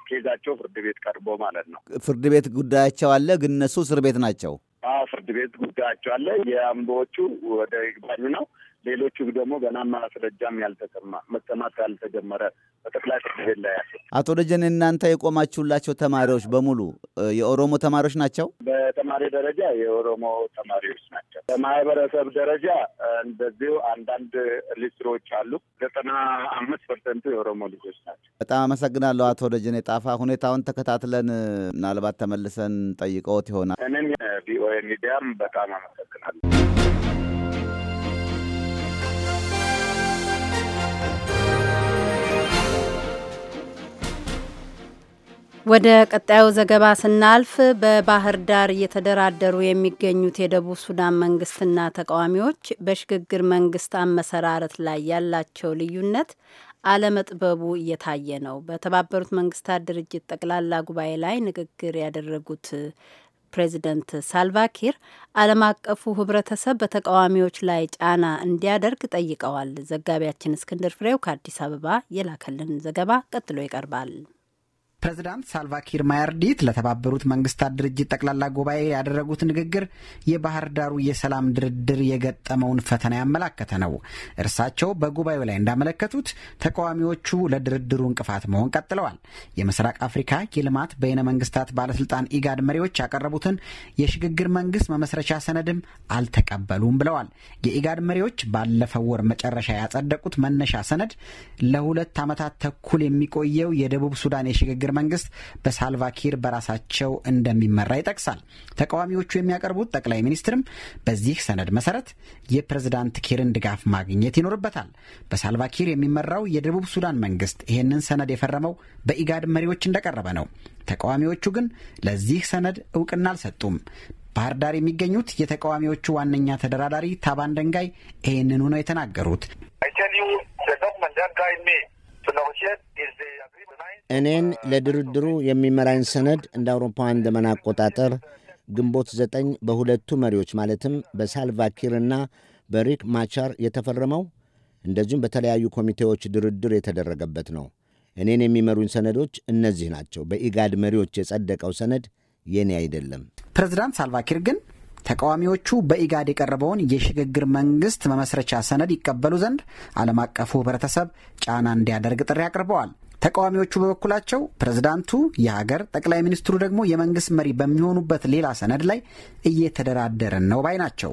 ኬዛቸው ፍርድ ቤት ቀርቦ ማለት ነው። ፍርድ ቤት ጉዳያቸው አለ፣ ግን እነሱ እስር ቤት ናቸው። ፍርድ ቤት ጉዳያቸው አለ። የአምቦዎቹ ወደ ይግባኙ ነው። ሌሎቹ ደግሞ ገና ማስረጃም ያልተሰማ መሰማት ያልተጀመረ በጠቅላይ ፍርድ ቤት ላይ ያለ። አቶ ደጀን እናንተ የቆማችሁላቸው ተማሪዎች በሙሉ የኦሮሞ ተማሪዎች ናቸው። በተማሪ ደረጃ የኦሮሞ ተማሪዎች ናቸው። በማህበረሰብ ደረጃ እንደዚሁ አንዳንድ ሊስትሮዎች አሉ። ዘጠና አምስት ፐርሰንቱ የኦሮሞ ልጆች ናቸው። በጣም አመሰግናለሁ አቶ ደጀን ጣፋ። ሁኔታውን ተከታትለን ምናልባት ተመልሰን ጠይቀውት ይሆናል። እኔም ቪኦኤ ሚዲያም በጣም አመሰግናለሁ። ወደ ቀጣዩ ዘገባ ስናልፍ በባህር ዳር እየተደራደሩ የሚገኙት የደቡብ ሱዳን መንግስትና ተቃዋሚዎች በሽግግር መንግስት አመሰራረት ላይ ያላቸው ልዩነት አለመጥበቡ እየታየ ነው። በተባበሩት መንግስታት ድርጅት ጠቅላላ ጉባኤ ላይ ንግግር ያደረጉት ፕሬዚደንት ሳልቫኪር ዓለም አቀፉ ህብረተሰብ በተቃዋሚዎች ላይ ጫና እንዲያደርግ ጠይቀዋል። ዘጋቢያችን እስክንድር ፍሬው ከአዲስ አበባ የላከልን ዘገባ ቀጥሎ ይቀርባል። ፕሬዝዳንት ሳልቫኪር ማያርዲት ለተባበሩት መንግስታት ድርጅት ጠቅላላ ጉባኤ ያደረጉት ንግግር የባህር ዳሩ የሰላም ድርድር የገጠመውን ፈተና ያመላከተ ነው። እርሳቸው በጉባኤው ላይ እንዳመለከቱት ተቃዋሚዎቹ ለድርድሩ እንቅፋት መሆን ቀጥለዋል። የምስራቅ አፍሪካ የልማት በይነ መንግስታት ባለስልጣን ኢጋድ መሪዎች ያቀረቡትን የሽግግር መንግስት መመስረቻ ሰነድም አልተቀበሉም ብለዋል። የኢጋድ መሪዎች ባለፈው ወር መጨረሻ ያጸደቁት መነሻ ሰነድ ለሁለት ዓመታት ተኩል የሚቆየው የደቡብ ሱዳን የሽግግር መንግስት በሳልቫኪር በራሳቸው እንደሚመራ ይጠቅሳል። ተቃዋሚዎቹ የሚያቀርቡት ጠቅላይ ሚኒስትርም በዚህ ሰነድ መሰረት የፕሬዝዳንት ኪርን ድጋፍ ማግኘት ይኖርበታል። በሳልቫኪር የሚመራው የደቡብ ሱዳን መንግስት ይህንን ሰነድ የፈረመው በኢጋድ መሪዎች እንደቀረበ ነው። ተቃዋሚዎቹ ግን ለዚህ ሰነድ እውቅና አልሰጡም። ባህር ዳር የሚገኙት የተቃዋሚዎቹ ዋነኛ ተደራዳሪ ታባን ደንጋይ ይህንኑ ነው የተናገሩት። እኔን ለድርድሩ የሚመራኝ ሰነድ እንደ አውሮፓውያን ዘመን አቆጣጠር ግንቦት ዘጠኝ በሁለቱ መሪዎች ማለትም በሳልቫኪርና በሪክ ማቻር የተፈረመው እንደዚሁም በተለያዩ ኮሚቴዎች ድርድር የተደረገበት ነው። እኔን የሚመሩኝ ሰነዶች እነዚህ ናቸው። በኢጋድ መሪዎች የጸደቀው ሰነድ የኔ አይደለም። ፕሬዚዳንት ሳልቫኪር ግን ተቃዋሚዎቹ በኢጋድ የቀረበውን የሽግግር መንግስት መመስረቻ ሰነድ ይቀበሉ ዘንድ ዓለም አቀፉ ህብረተሰብ ጫና እንዲያደርግ ጥሪ አቅርበዋል። ተቃዋሚዎቹ በበኩላቸው ፕሬዝዳንቱ የሀገር ጠቅላይ ሚኒስትሩ ደግሞ የመንግስት መሪ በሚሆኑበት ሌላ ሰነድ ላይ እየተደራደረን ነው ባይ ናቸው።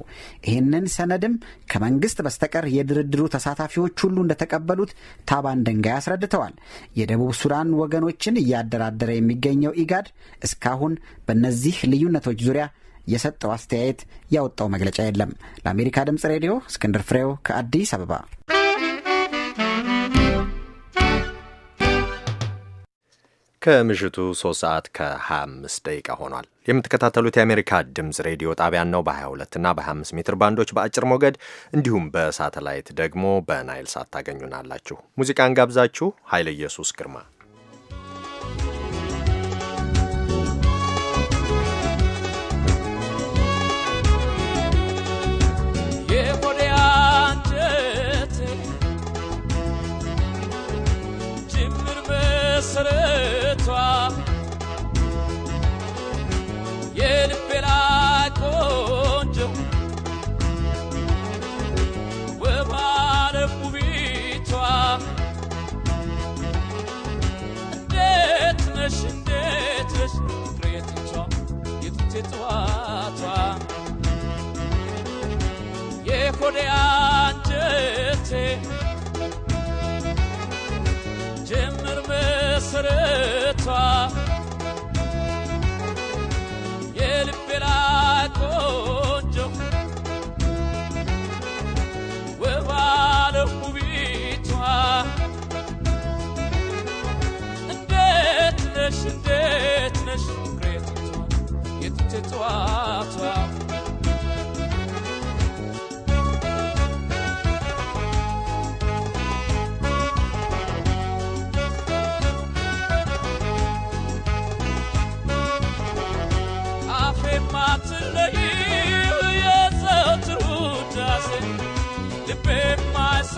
ይህንን ሰነድም ከመንግስት በስተቀር የድርድሩ ተሳታፊዎች ሁሉ እንደተቀበሉት ታባን ደንጋይ አስረድተዋል። የደቡብ ሱዳን ወገኖችን እያደራደረ የሚገኘው ኢጋድ እስካሁን በእነዚህ ልዩነቶች ዙሪያ የሰጠው አስተያየት፣ ያወጣው መግለጫ የለም። ለአሜሪካ ድምፅ ሬዲዮ እስክንድር ፍሬው ከአዲስ አበባ። ከምሽቱ 3 ሰዓት ከ25 ደቂቃ ሆኗል። የምትከታተሉት የአሜሪካ ድምፅ ሬዲዮ ጣቢያን ነው። በ22 እና በ25 ሜትር ባንዶች በአጭር ሞገድ እንዲሁም በሳተላይት ደግሞ በናይል ሳት ታገኙናላችሁ። ሙዚቃን ጋብዛችሁ ኃይለ ኢየሱስ ግርማ ወደ አንጀቴ ጀምር መሰረቷ የልቤ ላይ ቆንጆ ውብ ውቢቷ እንዴት ነሽ እንዴት ነሽ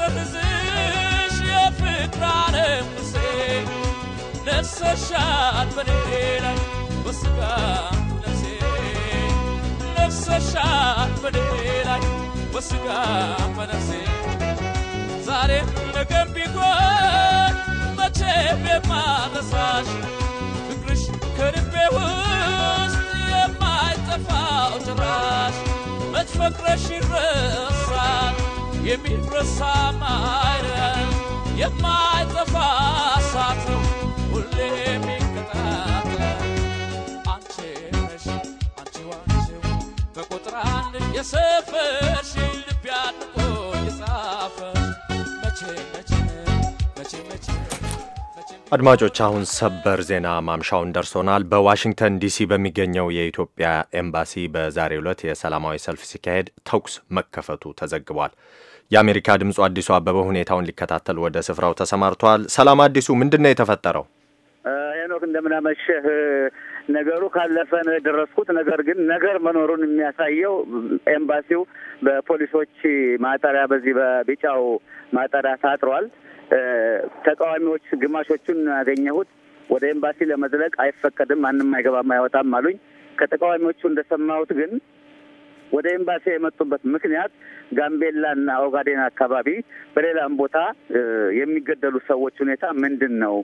ሰርዝሽ የፍቅር ዓለም ውስጤ ነፍሰሻል በልቤ ላይ በስጋ ነፍሴ ነፍሰሻል በልቤ ላይ በስጋ በነፍሴ ዛሬም ነገም ቢሆን መቼም የማረሳሽ ፍቅርሽ ከልቤ ውስጥ የማይጠፋው ጭራሽ መች ፈቅረሽ ይረሳል የሚረሳ ማይረን የማይጠፋ እሳት ሁሌ የሚቀጣጠል አንቺ ነሽ አንቺው አንቺው በቁጥር አንድ የሰፈርሽ ልብ ያንቆ የጻፈ መቼ መቼ መቼ መቼ አድማጮች አሁን ሰበር ዜና ማምሻውን ደርሶናል። በዋሽንግተን ዲሲ በሚገኘው የኢትዮጵያ ኤምባሲ በዛሬው ዕለት የሰላማዊ ሰልፍ ሲካሄድ ተኩስ መከፈቱ ተዘግቧል። የአሜሪካ ድምፁ አዲሱ አበበ ሁኔታውን ሊከታተል ወደ ስፍራው ተሰማርቷል። ሰላም አዲሱ፣ ምንድን ነው የተፈጠረው? ሄኖክ እንደምናመሸህ። ነገሩ ካለፈ ነው የደረስኩት። ነገር ግን ነገር መኖሩን የሚያሳየው ኤምባሲው በፖሊሶች ማጠሪያ በዚህ በቢጫው ማጠሪያ ታጥሯል። ተቃዋሚዎች ግማሾቹን ያገኘሁት ወደ ኤምባሲ ለመዝለቅ አይፈቀድም፣ ማንም አይገባም፣ አይወጣም አሉኝ። ከተቃዋሚዎቹ እንደሰማሁት ግን ወደ ኤምባሲ የመጡበት ምክንያት ጋምቤላና ኦጋዴን አካባቢ በሌላም ቦታ የሚገደሉ ሰዎች ሁኔታ ምንድን ነው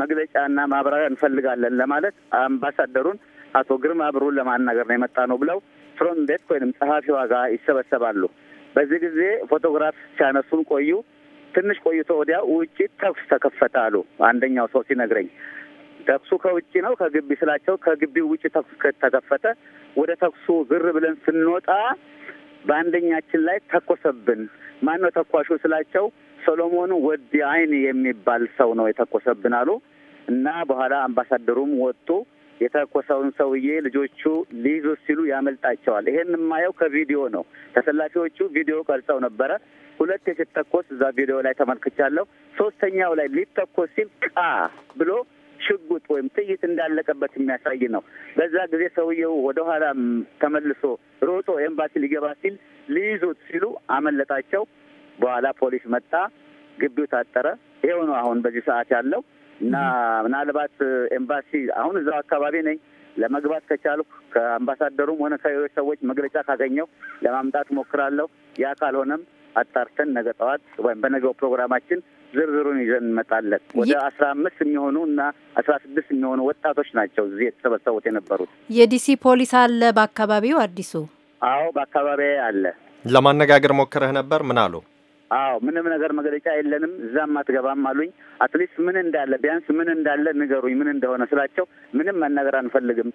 መግለጫና ማብራሪያ እንፈልጋለን ለማለት አምባሳደሩን አቶ ግርማ ብሩን ለማናገር ነው የመጣ ነው ብለው ፍሮንት ዴስክ ወይም ጸሐፊዋ ጋር ይሰበሰባሉ። በዚህ ጊዜ ፎቶግራፍ ሲያነሱን ቆዩ። ትንሽ ቆይቶ ወዲያ ውጭ ተኩስ ተከፈተ አሉ አንደኛው ሰው ሲነግረኝ ተኩሱ ከውጭ ነው ከግቢ ስላቸው ከግቢው ውጭ ተኩስ ተከፈተ። ወደ ተኩሱ ዝር ብለን ስንወጣ በአንደኛችን ላይ ተኮሰብን። ነው ተኳሹ ስላቸው ሰሎሞን ወዲ አይን የሚባል ሰው ነው የተኮሰብን አሉ እና በኋላ አምባሳደሩም ወጡ። የተኮሰውን ሰውዬ ልጆቹ ሊይዙ ሲሉ ያመልጣቸዋል። ይሄን የማየው ከቪዲዮ ነው። ተሰላፊዎቹ ቪዲዮ ቀርጸው ነበረ። ሁለት ሲተኮስ እዛ ቪዲዮ ላይ ተመልክቻለሁ። ሶስተኛው ላይ ሊተኮስ ሲል ቃ ብሎ ሽጉጥ ወይም ጥይት እንዳለቀበት የሚያሳይ ነው። በዛ ጊዜ ሰውየው ወደኋላ ተመልሶ ሮጦ ኤምባሲ ሊገባ ሲል ሊይዙት ሲሉ አመለጣቸው። በኋላ ፖሊስ መጣ፣ ግቢው ታጠረ። ይኸው ነው አሁን በዚህ ሰዓት ያለው እና ምናልባት ኤምባሲ አሁን እዛው አካባቢ ነኝ ለመግባት ከቻልኩ ከአምባሳደሩም ሆነ ከሌሎች ሰዎች መግለጫ ካገኘው ለማምጣት ሞክራለሁ። ያ ካልሆነም አጣርተን ነገ ጠዋት ወይም በነገው ፕሮግራማችን ዝርዝሩን ይዘን እንመጣለን። ወደ አስራ አምስት የሚሆኑ እና አስራ ስድስት የሚሆኑ ወጣቶች ናቸው እዚህ የተሰበሰቡት የነበሩት። የዲሲ ፖሊስ አለ በአካባቢው አዲሱ? አዎ በአካባቢ አለ። ለማነጋገር ሞክረህ ነበር? ምን አሉ? አዎ ምንም ነገር መግለጫ የለንም፣ እዛም አትገባም አሉኝ። አትሊስት ምን እንዳለ ቢያንስ ምን እንዳለ ንገሩኝ ምን እንደሆነ ስላቸው ምንም መናገር አንፈልግም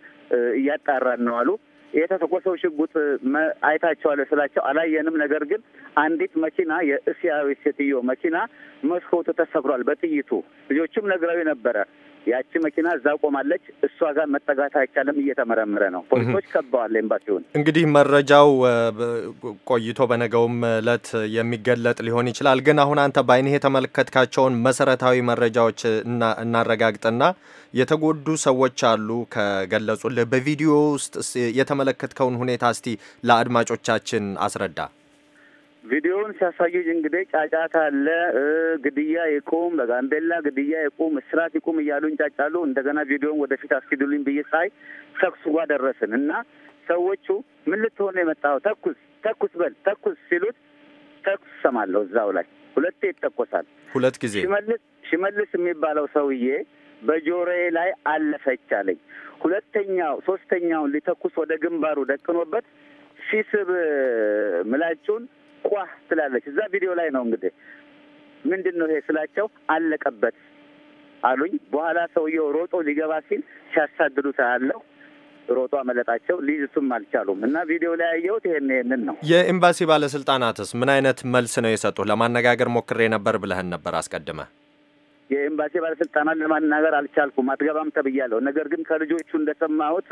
እያጣራን ነው አሉ። የተተኮሰው ሽጉጥ አይታቸዋለሁ ስላቸው አላየንም፣ ነገር ግን አንዲት መኪና የእስያዊ ሴትዮ መኪና መስኮቱ ተሰብሯል በጥይቱ ልጆቹም ነግረው ነበረ ያቺ መኪና እዛ ቆማለች። እሷ ጋር መጠጋት አይቻልም። እየተመረመረ ነው። ፖሊሶች ከበዋል ኤምባሲውን። እንግዲህ መረጃው ቆይቶ በነገውም እለት የሚገለጥ ሊሆን ይችላል። ግን አሁን አንተ በአይንህ የተመለከትካቸውን መሰረታዊ መረጃዎች እናረጋግጥና የተጎዱ ሰዎች አሉ ከገለጹልህ በቪዲዮ ውስጥ የተመለከትከውን ሁኔታ እስቲ ለአድማጮቻችን አስረዳ። ቪዲዮውን ሲያሳዩኝ እንግዲህ ጫጫታ አለ፣ ግድያ ይቁም፣ በጋምቤላ ግድያ ይቁም፣ እስራት ይቁም እያሉኝ ጫጫሉ። እንደገና ቪዲዮውን ወደፊት አስኪዱልኝ ብዬ ሳይ ተኩስ ጓ ደረስን እና ሰዎቹ ምን ልትሆን የመጣው ተኩስ ተኩስ በል ተኩስ ሲሉት ተኩስ ሰማለሁ። እዛው ላይ ሁለቴ ይተኮሳል፣ ሁለት ጊዜ። ሽመልስ ሽመልስ የሚባለው ሰውዬ በጆሮዬ ላይ አለፈች አለኝ። ሁለተኛው ሶስተኛውን ሊተኩስ ወደ ግንባሩ ደቅኖበት ሲስብ ምላጩን ቋ ትላለች። እዛ ቪዲዮ ላይ ነው እንግዲህ ምንድን ነው ይሄ ስላቸው አለቀበት አሉኝ። በኋላ ሰውየው ሮጦ ሊገባ ሲል ሲያሳድዱት አለው ሮጦ አመለጣቸው። ሊይዙትም አልቻሉም እና ቪዲዮ ላይ ያየሁት ይሄን ይሄንን ነው። የኤምባሲ ባለስልጣናትስ ምን አይነት መልስ ነው የሰጡ ለማነጋገር ሞክሬ ነበር ብለህን ነበር አስቀድመ የኤምባሲ ባለስልጣናት ለማናገር አልቻልኩም፣ አትገባም ተብያለሁ። ነገር ግን ከልጆቹ እንደሰማሁት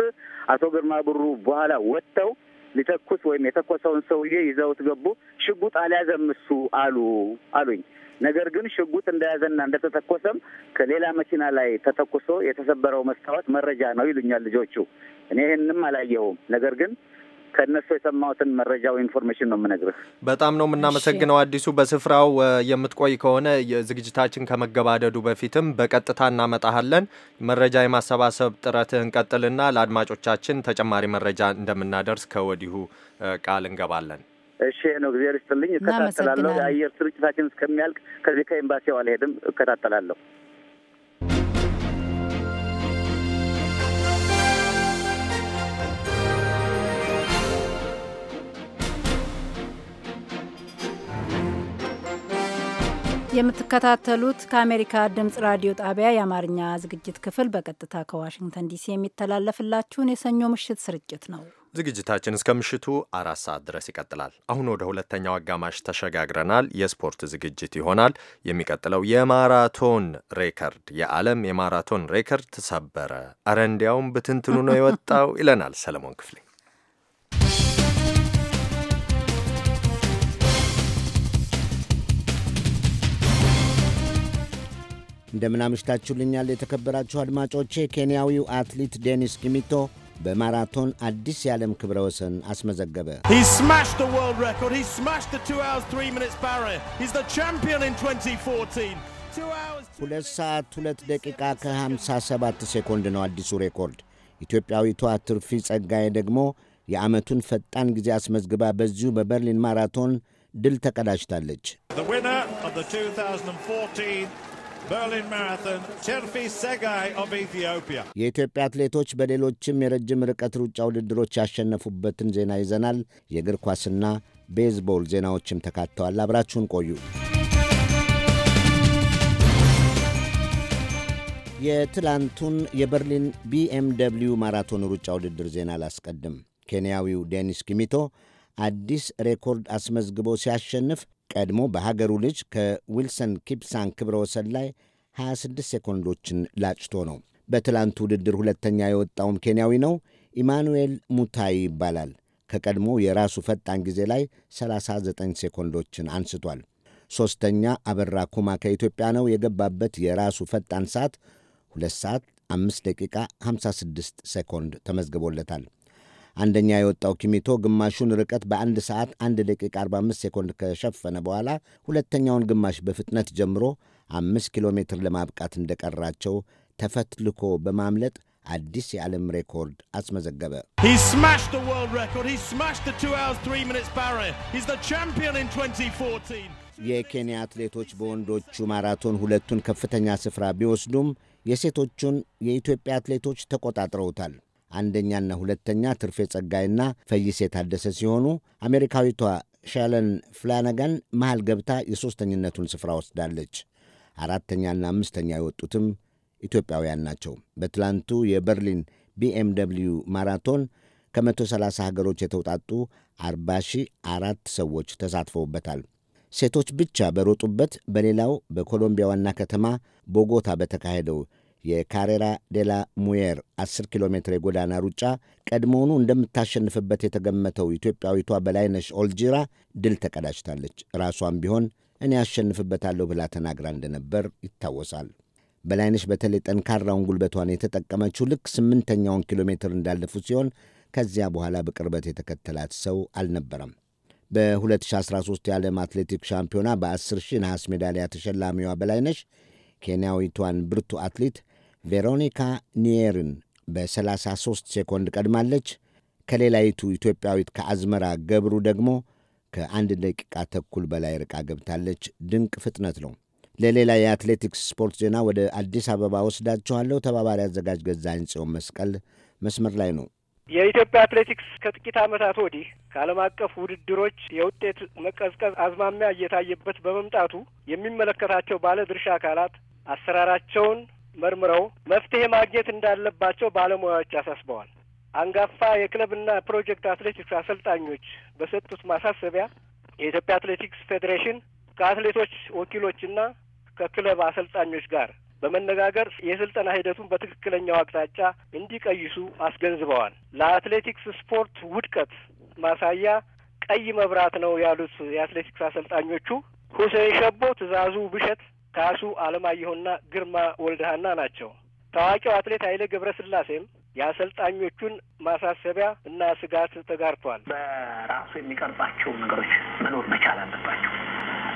አቶ ግርማ ብሩ በኋላ ወጥተው ሊተኩስ ወይም የተኮሰውን ሰውዬ ይዘውት ገቡ። ሽጉጥ አልያዘም እሱ አሉ አሉኝ። ነገር ግን ሽጉጥ እንደያዘና እንደተተኮሰም ከሌላ መኪና ላይ ተተኩሶ የተሰበረው መስታወት መረጃ ነው ይሉኛል ልጆቹ። እኔ ይህንም አላየሁም። ነገር ግን ከእነሱ የሰማሁትን መረጃ ወይ ኢንፎርሜሽን ነው የምነግርህ። በጣም ነው የምናመሰግነው አዲሱ። በስፍራው የምትቆይ ከሆነ ዝግጅታችን ከመገባደዱ በፊትም በቀጥታ እናመጣሃለን። መረጃ የማሰባሰብ ጥረትህ እንቀጥልና ለአድማጮቻችን ተጨማሪ መረጃ እንደምናደርስ ከወዲሁ ቃል እንገባለን። እሺ ነው። እግዚአብሔር ይስጥልኝ። እከታተላለሁ። የአየር ስርጭታችን እስከሚያልቅ ከዚህ ከኤምባሲው አልሄድም፣ እከታተላለሁ። የምትከታተሉት ከአሜሪካ ድምጽ ራዲዮ ጣቢያ የአማርኛ ዝግጅት ክፍል በቀጥታ ከዋሽንግተን ዲሲ የሚተላለፍላችሁን የሰኞ ምሽት ስርጭት ነው። ዝግጅታችን እስከ ምሽቱ አራት ሰዓት ድረስ ይቀጥላል። አሁን ወደ ሁለተኛው አጋማሽ ተሸጋግረናል። የስፖርት ዝግጅት ይሆናል። የሚቀጥለው የማራቶን ሬከርድ የዓለም የማራቶን ሬከርድ ተሰበረ፣ እረ እንዲያውም ብትንትኑ ነው የወጣው ይለናል ሰለሞን ክፍሌ። እንደምናምሽታችሁልኛል የተከበራችሁ አድማጮቼ። ኬንያዊው አትሌት ዴኒስ ኪሚቶ በማራቶን አዲስ የዓለም ክብረ ወሰን አስመዘገበ። ሁለት ሰዓት ሁለት ደቂቃ ከ57 ሴኮንድ ነው አዲሱ ሬኮርድ። ኢትዮጵያዊቷ ትርፊ ጸጋዬ ደግሞ የዓመቱን ፈጣን ጊዜ አስመዝግባ በዚሁ በበርሊን ማራቶን ድል ተቀዳጅታለች። የኢትዮጵያ አትሌቶች በሌሎችም የረጅም ርቀት ሩጫ ውድድሮች ያሸነፉበትን ዜና ይዘናል። የእግር ኳስና ቤዝቦል ዜናዎችም ተካተዋል። አብራችሁን ቆዩ። የትላንቱን የበርሊን ቢኤምደብልዩ ማራቶን ሩጫ ውድድር ዜና ላስቀድም ኬንያዊው ዴኒስ ኪሚቶ አዲስ ሬኮርድ አስመዝግቦ ሲያሸንፍ ቀድሞ በሀገሩ ልጅ ከዊልሰን ኪፕሳን ክብረ ወሰን ላይ 26 ሴኮንዶችን ላጭቶ ነው። በትላንቱ ውድድር ሁለተኛ የወጣውም ኬንያዊ ነው። ኢማኑኤል ሙታይ ይባላል። ከቀድሞ የራሱ ፈጣን ጊዜ ላይ 39 ሴኮንዶችን አንስቷል። ሦስተኛ አበራ ኩማ ከኢትዮጵያ ነው። የገባበት የራሱ ፈጣን ሰዓት 2 ሰዓት 5 ደቂቃ 56 ሴኮንድ ተመዝግቦለታል። አንደኛ የወጣው ኪሚቶ ግማሹን ርቀት በአንድ ሰዓት 1 ደቂቃ 45 ሴኮንድ ከሸፈነ በኋላ ሁለተኛውን ግማሽ በፍጥነት ጀምሮ አምስት ኪሎ ሜትር ለማብቃት እንደቀራቸው ተፈትልኮ በማምለጥ አዲስ የዓለም ሬኮርድ አስመዘገበ። የኬንያ አትሌቶች በወንዶቹ ማራቶን ሁለቱን ከፍተኛ ስፍራ ቢወስዱም የሴቶቹን የኢትዮጵያ አትሌቶች ተቆጣጥረውታል። አንደኛና ሁለተኛ ትርፌ ጸጋይና ፈይሴ ታደሰ ሲሆኑ አሜሪካዊቷ ሻለን ፍላነጋን መሃል ገብታ የሦስተኝነቱን ስፍራ ወስዳለች። አራተኛና አምስተኛ የወጡትም ኢትዮጵያውያን ናቸው። በትላንቱ የበርሊን ቢኤምደብልዩ ማራቶን ከ130 ሀገሮች የተውጣጡ 40,004 ሰዎች ተሳትፈውበታል። ሴቶች ብቻ በሮጡበት በሌላው በኮሎምቢያ ዋና ከተማ ቦጎታ በተካሄደው የካሬራ ዴላ ሙየር 10 ኪሎ ሜትር የጎዳና ሩጫ ቀድሞውኑ እንደምታሸንፍበት የተገመተው ኢትዮጵያዊቷ በላይነሽ ኦልጂራ ድል ተቀዳጅታለች። ራሷም ቢሆን እኔ ያሸንፍበታለሁ ብላ ተናግራ እንደነበር ይታወሳል። በላይነሽ በተለይ ጠንካራውን ጉልበቷን የተጠቀመችው ልክ ስምንተኛውን ኪሎ ሜትር እንዳለፉ ሲሆን ከዚያ በኋላ በቅርበት የተከተላት ሰው አልነበረም። በ2013 የዓለም አትሌቲክ ሻምፒዮና በ10 ሺህ ነሐስ ሜዳሊያ ተሸላሚዋ በላይነሽ ኬንያዊቷን ብርቱ አትሌት ቬሮኒካ ኒየርን በ33 ሴኮንድ ቀድማለች። ከሌላይቱ ኢትዮጵያዊት ከአዝመራ ገብሩ ደግሞ ከአንድ ደቂቃ ተኩል በላይ ርቃ ገብታለች። ድንቅ ፍጥነት ነው። ለሌላ የአትሌቲክስ ስፖርት ዜና ወደ አዲስ አበባ ወስዳችኋለሁ። ተባባሪ አዘጋጅ ገዛኝ ጽዮን መስቀል መስመር ላይ ነው። የኢትዮጵያ አትሌቲክስ ከጥቂት ዓመታት ወዲህ ከዓለም አቀፍ ውድድሮች የውጤት መቀዝቀዝ አዝማሚያ እየታየበት በመምጣቱ የሚመለከታቸው ባለ ድርሻ አካላት አሰራራቸውን መርምረው መፍትሄ ማግኘት እንዳለባቸው ባለሙያዎች አሳስበዋል። አንጋፋ የክለብና ፕሮጀክት አትሌቲክስ አሰልጣኞች በሰጡት ማሳሰቢያ የኢትዮጵያ አትሌቲክስ ፌዴሬሽን ከአትሌቶች ወኪሎችና ከክለብ አሰልጣኞች ጋር በመነጋገር የስልጠና ሂደቱን በትክክለኛው አቅጣጫ እንዲቀይሱ አስገንዝበዋል። ለአትሌቲክስ ስፖርት ውድቀት ማሳያ ቀይ መብራት ነው ያሉት የአትሌቲክስ አሰልጣኞቹ ሁሴን ሸቦ፣ ትእዛዙ ብሸት፣ ካሱ አለማየሁና ግርማ ወልደሃና ናቸው። ታዋቂው አትሌት ኃይሌ ገብረስላሴም የአሰልጣኞቹን ማሳሰቢያ እና ስጋት ተጋርቷል። በራሱ የሚቀርጻቸው ነገሮች መኖር መቻል አለባቸው።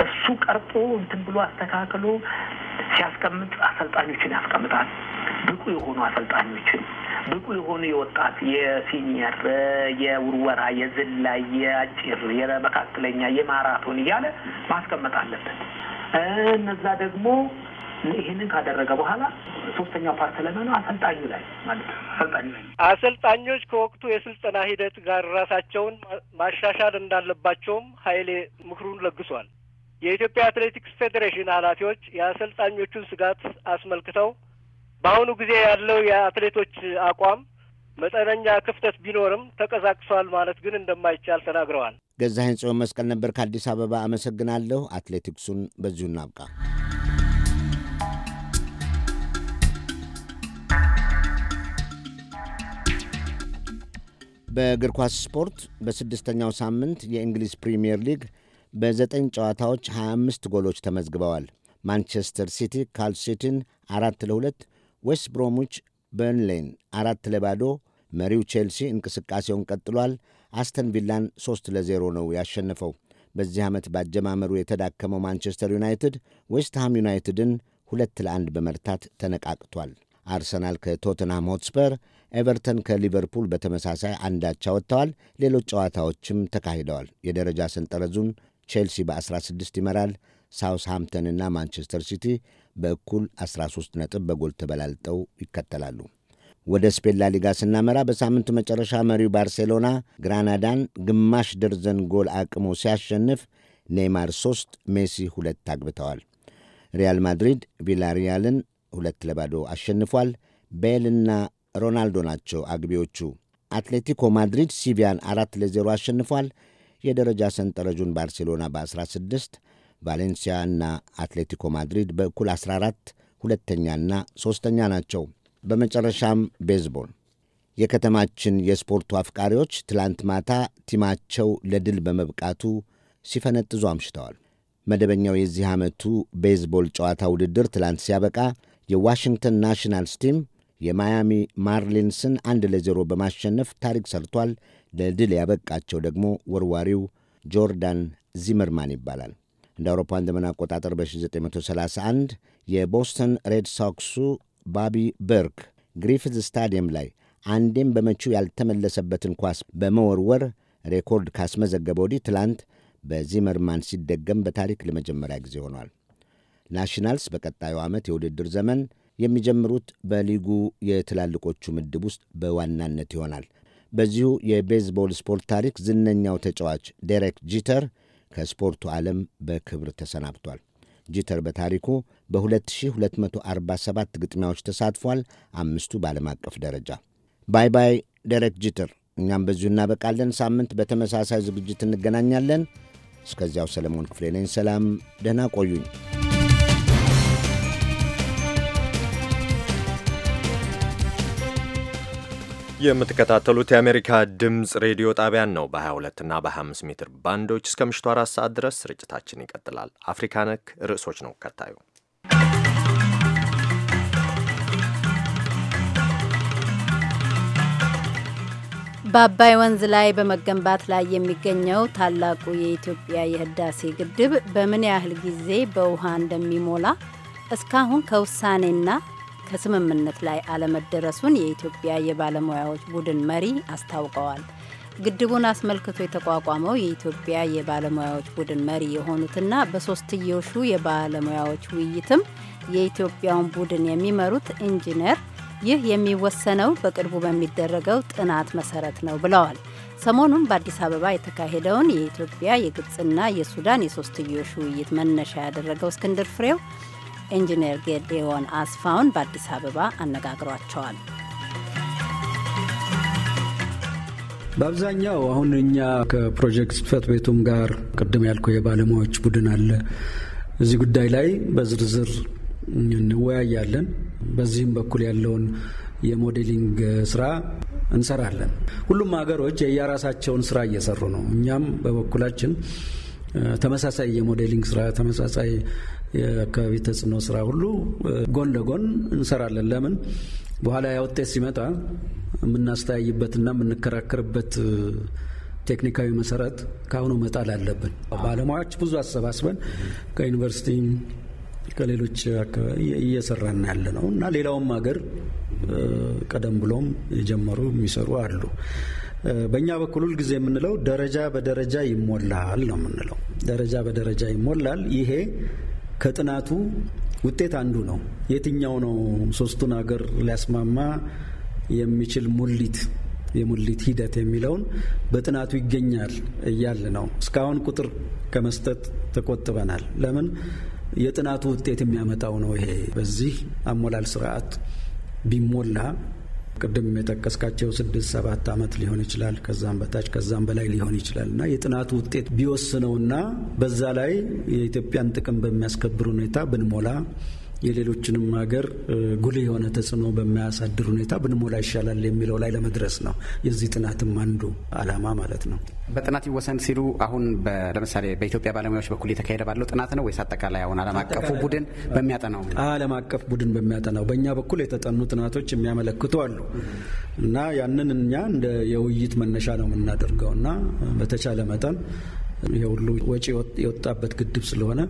እሱ ቀርጦ እንትን ብሎ አስተካክሎ ሲያስቀምጥ አሰልጣኞችን ያስቀምጣል። ብቁ የሆኑ አሰልጣኞችን ብቁ የሆኑ የወጣት የሲኒየር፣ የውርወራ፣ የዝላይ፣ የአጭር፣ የመካከለኛ፣ የማራቶን እያለ ማስቀመጥ አለበት። እነዛ ደግሞ ይህንን ካደረገ በኋላ ሶስተኛው ፓርት ላይ አሰልጣኙ ላይ ማለት አሰልጣኙ ላይ አሰልጣኞች ከወቅቱ የስልጠና ሂደት ጋር ራሳቸውን ማሻሻል እንዳለባቸውም ኃይሌ ምክሩን ለግሷል። የኢትዮጵያ አትሌቲክስ ፌዴሬሽን ኃላፊዎች የአሰልጣኞቹን ስጋት አስመልክተው በአሁኑ ጊዜ ያለው የአትሌቶች አቋም መጠነኛ ክፍተት ቢኖርም ተቀዛቅሷል ማለት ግን እንደማይቻል ተናግረዋል። ገዛኸኝ ጽዮን መስቀል ነበር ከአዲስ አበባ አመሰግናለሁ። አትሌቲክሱን በዚሁ እናብቃ። በእግር ኳስ ስፖርት በስድስተኛው ሳምንት የእንግሊዝ ፕሪምየር ሊግ በዘጠኝ ጨዋታዎች 25 ጎሎች ተመዝግበዋል። ማንቸስተር ሲቲ ካል ሲቲን አራት ለሁለት፣ ዌስት ብሮሙች በርንሌን አራት ለባዶ፣ መሪው ቼልሲ እንቅስቃሴውን ቀጥሏል። አስተን ቪላን 3 ለ0 ነው ያሸነፈው። በዚህ ዓመት በአጀማመሩ የተዳከመው ማንቸስተር ዩናይትድ ዌስትሃም ዩናይትድን ሁለት ለአንድ በመርታት ተነቃቅቷል። አርሰናል ከቶተንሃም ሆትስፐር፣ ኤቨርተን ከሊቨርፑል በተመሳሳይ አንዳቻ ወጥተዋል። ሌሎች ጨዋታዎችም ተካሂደዋል። የደረጃ ሰንጠረዙን ቼልሲ በ16 ይመራል። ሳውስሃምተንና ማንቸስተር ሲቲ በእኩል 13 ነጥብ በጎል ተበላልጠው ይከተላሉ። ወደ ስፔን ላሊጋ ስናመራ በሳምንቱ መጨረሻ መሪው ባርሴሎና ግራናዳን ግማሽ ደርዘን ጎል አቅሞ ሲያሸንፍ ኔይማር 3 ሜሲ ሁለት አግብተዋል። ሪያል ማድሪድ ቪላሪያልን ሁለት ለባዶ አሸንፏል። ቤልና ሮናልዶ ናቸው አግቢዎቹ። አትሌቲኮ ማድሪድ ሲቪያን አራት ለዜሮ አሸንፏል። የደረጃ ሰንጠረዡን ባርሴሎና በ16 ቫሌንሲያ እና አትሌቲኮ ማድሪድ በእኩል 14 ሁለተኛና ሦስተኛ ናቸው። በመጨረሻም ቤዝቦል የከተማችን የስፖርቱ አፍቃሪዎች ትላንት ማታ ቲማቸው ለድል በመብቃቱ ሲፈነጥዙ አምሽተዋል። መደበኛው የዚህ ዓመቱ ቤዝቦል ጨዋታ ውድድር ትላንት ሲያበቃ የዋሽንግተን ናሽናልስ ቲም የማያሚ ማርሊንስን አንድ ለዜሮ በማሸነፍ ታሪክ ሰርቷል። ለድል ያበቃቸው ደግሞ ወርዋሪው ጆርዳን ዚመርማን ይባላል። እንደ አውሮፓውያን ዘመን አቆጣጠር በ1931 የቦስተን ሬድ ሶክሱ ባቢ በርክ ግሪፍዝ ስታዲየም ላይ አንዴም በመቺው ያልተመለሰበትን ኳስ በመወርወር ሬኮርድ ካስመዘገበ ወዲህ ትላንት በዚመርማን ሲደገም በታሪክ ለመጀመሪያ ጊዜ ሆኗል። ናሽናልስ በቀጣዩ ዓመት የውድድር ዘመን የሚጀምሩት በሊጉ የትላልቆቹ ምድብ ውስጥ በዋናነት ይሆናል። በዚሁ የቤዝቦል ስፖርት ታሪክ ዝነኛው ተጫዋች ዴሬክ ጂተር ከስፖርቱ ዓለም በክብር ተሰናብቷል። ጂተር በታሪኩ በ2247 ግጥሚያዎች ተሳትፏል፣ አምስቱ በዓለም አቀፍ ደረጃ። ባይ ባይ ደረክ ጂተር። እኛም በዚሁ እናበቃለን። ሳምንት በተመሳሳይ ዝግጅት እንገናኛለን። እስከዚያው ሰለሞን ክፍሌ ነኝ። ሰላም፣ ደህና ቆዩኝ። የምትከታተሉት የአሜሪካ ድምፅ ሬዲዮ ጣቢያን ነው። በ22 እና በ25 ሜትር ባንዶች እስከ ምሽቱ አራት ሰዓት ድረስ ስርጭታችን ይቀጥላል። አፍሪካ ነክ ርዕሶች ነው ከታዩ። በአባይ ወንዝ ላይ በመገንባት ላይ የሚገኘው ታላቁ የኢትዮጵያ የህዳሴ ግድብ በምን ያህል ጊዜ በውሃ እንደሚሞላ እስካሁን ከውሳኔና ከስምምነት ላይ አለመደረሱን የኢትዮጵያ የባለሙያዎች ቡድን መሪ አስታውቀዋል። ግድቡን አስመልክቶ የተቋቋመው የኢትዮጵያ የባለሙያዎች ቡድን መሪ የሆኑትና በሶስትዮሹ የባለሙያዎች ውይይትም የኢትዮጵያውን ቡድን የሚመሩት ኢንጂነር ይህ የሚወሰነው በቅርቡ በሚደረገው ጥናት መሰረት ነው ብለዋል። ሰሞኑን በአዲስ አበባ የተካሄደውን የኢትዮጵያ የግብፅና የሱዳን የሶስትዮሽ ውይይት መነሻ ያደረገው እስክንድር ፍሬው ኢንጂነር ጌዴዎን አስፋውን በአዲስ አበባ አነጋግሯቸዋል። በአብዛኛው አሁን እኛ ከፕሮጀክት ጽህፈት ቤቱም ጋር ቅድም ያልኩ የባለሙያዎች ቡድን አለ። እዚህ ጉዳይ ላይ በዝርዝር እንወያያለን። በዚህም በኩል ያለውን የሞዴሊንግ ስራ እንሰራለን። ሁሉም ሀገሮች የየራሳቸውን ስራ እየሰሩ ነው። እኛም በበኩላችን ተመሳሳይ የሞዴሊንግ ስራ፣ ተመሳሳይ የአካባቢ ተጽዕኖ ስራ ሁሉ ጎን ለጎን እንሰራለን። ለምን በኋላ ያ ውጤት ሲመጣ የምናስተያይበትና የምንከራከርበት ቴክኒካዊ መሰረት ከአሁኑ መጣል አለብን። ባለሙያዎች ብዙ አሰባስበን ከዩኒቨርሲቲ ከሌሎች አካባቢ እየሰራን ያለ ነው እና ሌላውም ሀገር ቀደም ብሎም የጀመሩ የሚሰሩ አሉ። በእኛ በኩል ሁልጊዜ የምንለው ደረጃ በደረጃ ይሞላል ነው የምንለው። ደረጃ በደረጃ ይሞላል ይሄ ከጥናቱ ውጤት አንዱ ነው። የትኛው ነው ሶስቱን ሀገር ሊያስማማ የሚችል ሙሊት የሙሊት ሂደት የሚለውን በጥናቱ ይገኛል እያል ነው። እስካሁን ቁጥር ከመስጠት ተቆጥበናል። ለምን የጥናቱ ውጤት የሚያመጣው ነው። ይሄ በዚህ አሞላል ስርዓት ቢሞላ ቅድም የጠቀስካቸው ስድስት ሰባት ዓመት ሊሆን ይችላል፣ ከዛም በታች ከዛም በላይ ሊሆን ይችላል እና የጥናቱ ውጤት ቢወስነውና በዛ ላይ የኢትዮጵያን ጥቅም በሚያስከብር ሁኔታ ብንሞላ የሌሎችንም ሀገር ጉልህ የሆነ ተጽዕኖ በሚያሳድር ሁኔታ ብንሞላ ይሻላል የሚለው ላይ ለመድረስ ነው የዚህ ጥናትም አንዱ አላማ ማለት ነው። በጥናት ይወሰን ሲሉ አሁን ለምሳሌ በኢትዮጵያ ባለሙያዎች በኩል የተካሄደ ባለው ጥናት ነው ወይስ አጠቃላይ አሁን ዓለም አቀፉ ቡድን በሚያጠናው? ዓለም አቀፍ ቡድን በሚያጠናው በእኛ በኩል የተጠኑ ጥናቶች የሚያመለክቱ አሉ እና ያንን እኛ እንደ የውይይት መነሻ ነው የምናደርገው እና በተቻለ መጠን የሁሉ ወጪ የወጣበት ግድብ ስለሆነ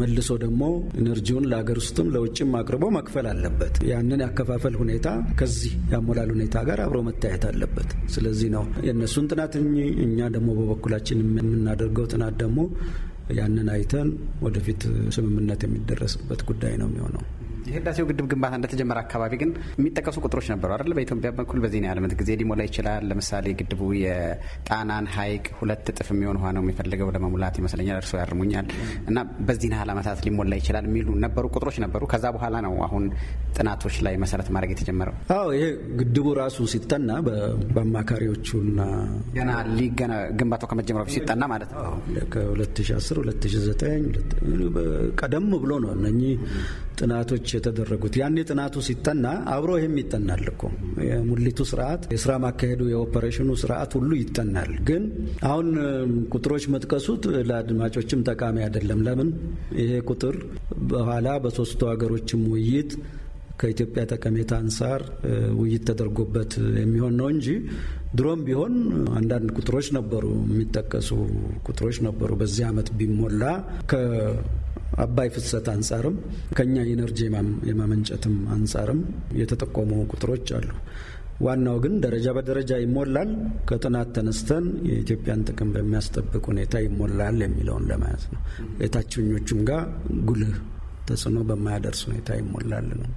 መልሶ ደግሞ ኢነርጂውን ለሀገር ውስጥም ለውጭም አቅርቦ መክፈል አለበት። ያንን ያከፋፈል ሁኔታ ከዚህ ያሞላል ሁኔታ ጋር አብሮ መታየት አለበት። ስለዚህ ነው የእነሱን ጥናት እኛ ደግሞ በበኩላችን የምናደርገው ጥናት ደግሞ ያንን አይተን ወደፊት ስምምነት የሚደረስበት ጉዳይ ነው የሚሆነው። የህዳሴው ግድብ ግንባታ እንደተጀመረ አካባቢ ግን የሚጠቀሱ ቁጥሮች ነበሩ አይደል? በኢትዮጵያ በኩል በዚህ ነው ያለምት ጊዜ ሊሞላ ይችላል። ለምሳሌ ግድቡ የጣናን ሐይቅ ሁለት እጥፍ የሚሆን ውሃ ነው የሚፈልገው ለመሙላት ይመስለኛል። እርስዎ ያርሙኛል። እና በዚህን ያህል ዓመታት ሊሞላ ይችላል የሚሉ ነበሩ ቁጥሮች ነበሩ። ከዛ በኋላ ነው አሁን ጥናቶች ላይ መሰረት ማድረግ የተጀመረው። አዎ ይሄ ግድቡ ራሱ ሲጠና በአማካሪዎቹና ገና ሊገና ግንባታው ከመጀመሪያ ሲጠና ማለት ነው ከ2010 2009 ቀደም ብሎ ነው እነኚህ ጥናቶች የተደረጉት። ያኔ ጥናቱ ሲጠና አብሮ ይህም ይጠናል እኮ የሙሊቱ ስርዓት፣ የስራ ማካሄዱ፣ የኦፐሬሽኑ ስርዓት ሁሉ ይጠናል። ግን አሁን ቁጥሮች መጥቀሱት ለአድማጮችም ጠቃሚ አይደለም። ለምን ይሄ ቁጥር በኋላ በሶስቱ ሀገሮችም ውይይት ከኢትዮጵያ ጠቀሜታ አንጻር ውይይት ተደርጎበት የሚሆን ነው እንጂ ድሮም ቢሆን አንዳንድ ቁጥሮች ነበሩ፣ የሚጠቀሱ ቁጥሮች ነበሩ። በዚህ ዓመት ቢሞላ አባይ ፍሰት አንጻርም ከኛ ኢነርጂ የማመንጨትም አንጻርም የተጠቆሙ ቁጥሮች አሉ። ዋናው ግን ደረጃ በደረጃ ይሞላል፣ ከጥናት ተነስተን የኢትዮጵያን ጥቅም በሚያስጠብቅ ሁኔታ ይሞላል የሚለውን ለማለት ነው። የታችኞቹም ጋር ጉልህ ተጽዕኖ በማያደርስ ሁኔታ ይሞላል ነው።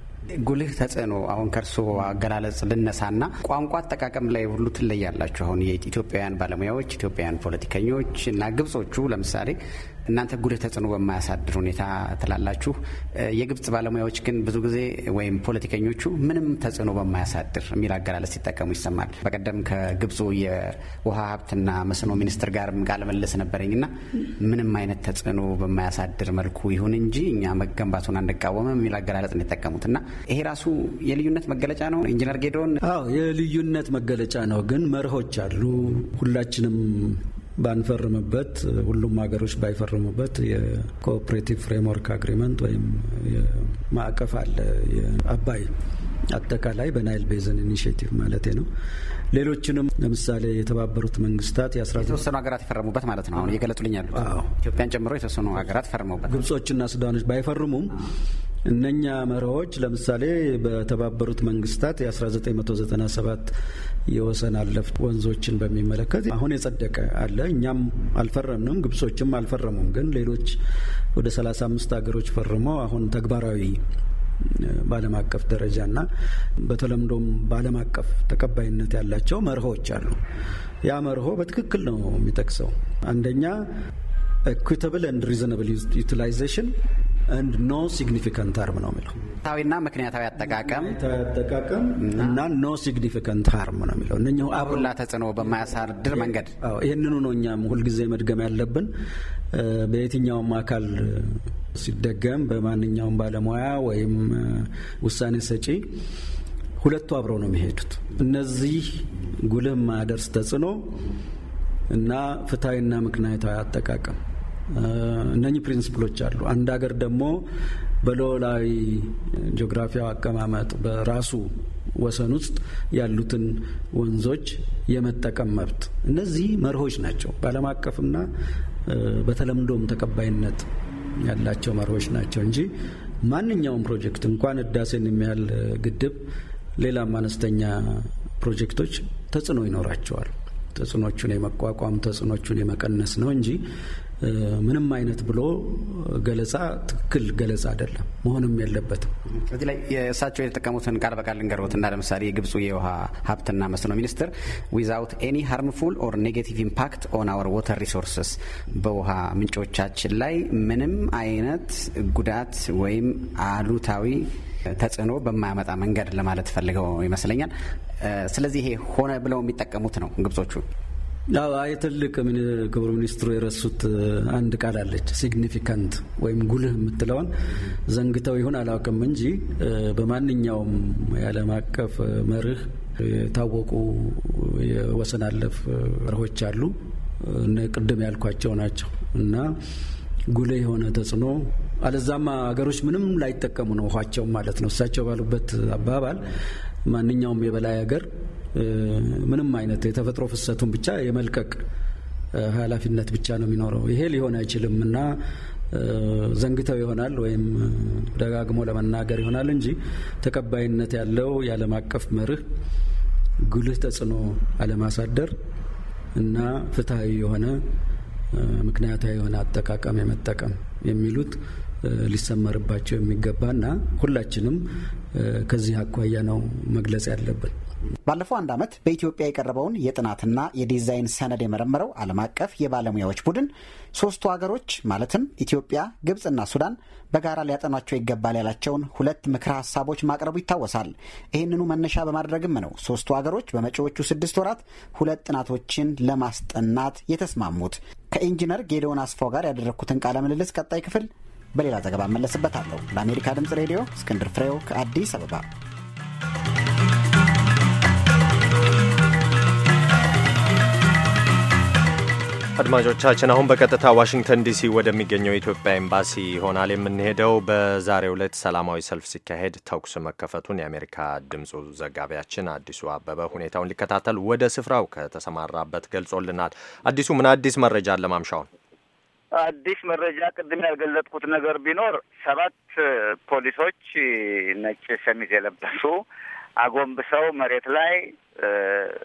ጉልህ ተጽዕኖ አሁን ከእርስዎ አገላለጽ ልነሳና ቋንቋ አጠቃቀም ላይ ሁሉ ትለያላችሁ። አሁን የኢትዮጵያውያን ባለሙያዎች፣ ኢትዮጵያውያን ፖለቲከኞች እና ግብጾቹ ለምሳሌ እናንተ ጉልህ ተጽዕኖ በማያሳድር ሁኔታ ትላላችሁ። የግብጽ ባለሙያዎች ግን ብዙ ጊዜ ወይም ፖለቲከኞቹ ምንም ተጽዕኖ በማያሳድር የሚል አገላለጽ ሲጠቀሙ ይሰማል። በቀደም ከግብፁ የውሃ ሀብትና መስኖ ሚኒስትር ጋር ቃለመለስ ነበረኝ ነበረኝና ምንም አይነት ተጽዕኖ በማያሳድር መልኩ ይሁን እንጂ እኛ መገንባቱን አንቃወምም የሚል አገላለጽ ነው የጠቀሙት እና ይሄ ራሱ የልዩነት መገለጫ ነው። ኢንጂነር ጌዶን አዎ፣ የልዩነት መገለጫ ነው። ግን መርሆች አሉ ሁላችንም ባንፈርምበት፣ ሁሉም ሀገሮች ባይፈርሙበት የኮኦፕሬቲቭ ፍሬምወርክ አግሪመንት ወይም ማዕቀፍ አለ የአባይ አጠቃላይ በናይል ቤዘን ኢኒሽቲቭ ማለት ነው። ሌሎችንም ለምሳሌ የተባበሩት መንግስታት የተወሰኑ ሀገራት የፈረሙበት ማለት ነው። አሁን እየገለጡልኝ ያሉት ኢትዮጵያን ጨምሮ የተወሰኑ ሀገራት ፈርመውበት ግብጾችና ሱዳኖች ባይፈርሙም እነኛ መርሆች ለምሳሌ በተባበሩት መንግስታት የ1997 የወሰን አለፍ ወንዞችን በሚመለከት አሁን የጸደቀ አለ። እኛም አልፈረምንም፣ ግብጾችም አልፈረሙም። ግን ሌሎች ወደ 35 ሀገሮች ፈርሞ አሁን ተግባራዊ በዓለም አቀፍ ደረጃና በተለምዶም በዓለም አቀፍ ተቀባይነት ያላቸው መርሆች አሉ። ያ መርሆ በትክክል ነው የሚጠቅሰው አንደኛ ኢኩዊታብል ኤንድ ሪዘናብል ዩቲላይዜሽን አንድ ኖ ሲግኒፊካንት ሃርም ነው የሚለው ታዊና ምክንያታዊ አጠቃቀም አጠቃቀም እና ኖ ሲግኒፊካንት ሃርም ነው የሚለው እነ አብላ ተጽዕኖ በማያሳድር መንገድ ይህንኑ ነው እኛም ሁልጊዜ መድገም ያለብን በየትኛውም አካል ሲደገም በማንኛውም ባለሙያ ወይም ውሳኔ ሰጪ ሁለቱ አብረው ነው የሚሄዱት። እነዚህ ጉልህ ማደርስ ተጽዕኖ እና ፍትሐዊና ምክንያታዊ አጠቃቀም እነኚህ ፕሪንስፕሎች አሉ። አንድ ሀገር ደግሞ በልዑላዊ ጂኦግራፊያዊ አቀማመጥ በራሱ ወሰን ውስጥ ያሉትን ወንዞች የመጠቀም መብት፣ እነዚህ መርሆች ናቸው። በዓለም አቀፍና በተለምዶም ተቀባይነት ያላቸው መርሆች ናቸው እንጂ ማንኛውም ፕሮጀክት እንኳን ህዳሴን የሚያህል ግድብ፣ ሌላም አነስተኛ ፕሮጀክቶች ተጽዕኖ ይኖራቸዋል። ተጽዕኖቹን የመቋቋም ተጽዕኖቹን የመቀነስ ነው እንጂ ምንም አይነት ብሎ ገለጻ ትክክል ገለጻ አይደለም፣ መሆንም የለበትም። እዚህ ላይ የእሳቸው የተጠቀሙትን ቃል በቃል እና ለምሳሌ የግብፁ የውሃ ሀብትና መስኖ ሚኒስትር ዊዛውት ኤኒ ሃርምፉል ኦር ኔጌቲቭ ኢምፓክት ኦን አወር ወተር ሪሶርስስ በውሃ ምንጮቻችን ላይ ምንም አይነት ጉዳት ወይም አሉታዊ ተጽዕኖ በማያመጣ መንገድ ለማለት ፈልገው ይመስለኛል። ስለዚህ ይሄ ሆነ ብለው የሚጠቀሙት ነው ግብጾቹ። ትልቅ ክቡር ሚኒስትሩ የረሱት አንድ ቃል አለች፣ ሲግኒፊካንት ወይም ጉልህ የምትለውን ዘንግተው ይሁን አላውቅም እንጂ በማንኛውም የዓለም አቀፍ መርህ የታወቁ የወሰን አለፍ መርሆች አሉ። ቅድም ያልኳቸው ናቸው እና ጉልህ የሆነ ተጽዕኖ አለዛማ ሀገሮች ምንም ላይጠቀሙ ነው ውኋቸውም ማለት ነው። እሳቸው ባሉበት አባባል ማንኛውም የበላይ ሀገር ምንም አይነት የተፈጥሮ ፍሰቱን ብቻ የመልቀቅ ኃላፊነት ብቻ ነው የሚኖረው። ይሄ ሊሆን አይችልም እና ዘንግተው ይሆናል ወይም ደጋግሞ ለመናገር ይሆናል እንጂ ተቀባይነት ያለው የዓለም አቀፍ መርህ ጉልህ ተጽዕኖ አለማሳደር እና ፍትሐዊ የሆነ ምክንያታዊ የሆነ አጠቃቀም የመጠቀም የሚሉት ሊሰመርባቸው የሚገባና ሁላችንም ከዚህ አኳያ ነው መግለጽ ያለብን። ባለፈው አንድ ዓመት በኢትዮጵያ የቀረበውን የጥናትና የዲዛይን ሰነድ የመረመረው ዓለም አቀፍ የባለሙያዎች ቡድን ሶስቱ ሀገሮች ማለትም ኢትዮጵያ፣ ግብፅና ሱዳን በጋራ ሊያጠኗቸው ይገባል ያላቸውን ሁለት ምክረ ሀሳቦች ማቅረቡ ይታወሳል። ይህንኑ መነሻ በማድረግም ነው ሶስቱ ሀገሮች በመጪዎቹ ስድስት ወራት ሁለት ጥናቶችን ለማስጠናት የተስማሙት። ከኢንጂነር ጌዲዮን አስፋው ጋር ያደረግኩትን ቃለ ምልልስ ቀጣይ ክፍል በሌላ ዘገባ እመለስበታለሁ። ለአሜሪካ ድምፅ ሬዲዮ እስክንድር ፍሬው ከአዲስ አበባ አድማጮቻችን አሁን በቀጥታ ዋሽንግተን ዲሲ ወደሚገኘው የኢትዮጵያ ኤምባሲ ይሆናል የምንሄደው። በዛሬው ዕለት ሰላማዊ ሰልፍ ሲካሄድ ተኩስ መከፈቱን የአሜሪካ ድምፁ ዘጋቢያችን አዲሱ አበበ ሁኔታውን ሊከታተል ወደ ስፍራው ከተሰማራበት ገልጾልናል። አዲሱ ምን አዲስ መረጃ አለ ማምሻውን? አዲስ መረጃ ቅድም ያልገለጥኩት ነገር ቢኖር ሰባት ፖሊሶች ነጭ ሸሚዝ የለበሱ አጎንብሰው መሬት ላይ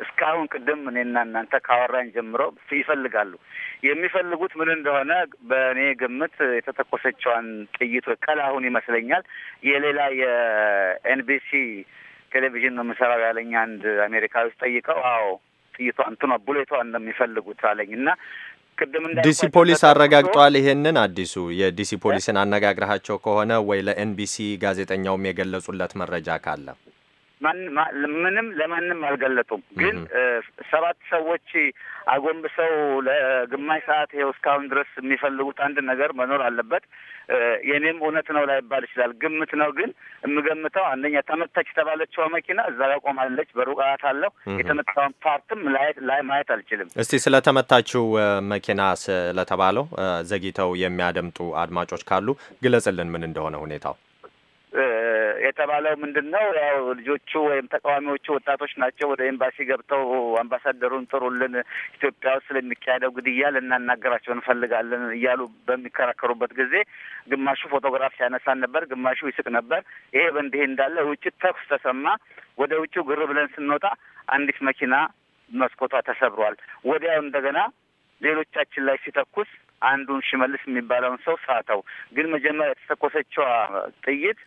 እስካሁን ቅድም እኔና እናንተ ካወራን ጀምሮ ይፈልጋሉ። የሚፈልጉት ምን እንደሆነ በእኔ ግምት የተተኮሰችዋን ጥይት አሁን ይመስለኛል። የሌላ የኤንቢሲ ቴሌቪዥን ነው የምሰራው ያለኝ አንድ አሜሪካዊ ውስጥ ጠይቀው፣ አዎ ጥይቷ እንትኗ ቡሌቷ እንደሚፈልጉት አለኝ እና ዲሲ ፖሊስ አረጋግጧል። ይሄንን አዲሱ የዲሲ ፖሊስን አነጋግረሃቸው ከሆነ ወይ ለኤንቢሲ ጋዜጠኛውም የገለጹለት መረጃ ካለ ምንም ለማንም አልገለጡም። ግን ሰባት ሰዎች አጎንብሰው ለግማሽ ሰዓት ይኸው እስካሁን ድረስ የሚፈልጉት አንድ ነገር መኖር አለበት። የኔም እውነት ነው ላይባል ይችላል፣ ግምት ነው። ግን የምገምተው አንደኛ ተመታች የተባለችው መኪና እዛ ላይ ቆማለች፣ በሩቅ አያታለሁ። የተመታውን ፓርትም ላይ ማየት አልችልም። እስቲ ተመታችው መኪና ስለተባለው ዘግይተው የሚያደምጡ አድማጮች ካሉ ግለጽልን ምን እንደሆነ ሁኔታው የተባለው ምንድን ነው? ያው ልጆቹ ወይም ተቃዋሚዎቹ ወጣቶች ናቸው። ወደ ኤምባሲ ገብተው አምባሳደሩን ጥሩልን፣ ኢትዮጵያ ውስጥ ስለሚካሄደው ግድያ ልናናገራቸው እንፈልጋለን እያሉ በሚከራከሩበት ጊዜ ግማሹ ፎቶግራፍ ሲያነሳን ነበር፣ ግማሹ ይስቅ ነበር። ይሄ በእንዲህ እንዳለ ውጭ ተኩስ ተሰማ። ወደ ውጭ ግር ብለን ስንወጣ አንዲት መኪና መስኮቷ ተሰብሯል። ወዲያው እንደገና ሌሎቻችን ላይ ሲተኩስ አንዱን ሽመልስ የሚባለውን ሰው ሳተው። ግን መጀመሪያ የተተኮሰችዋ ጥይት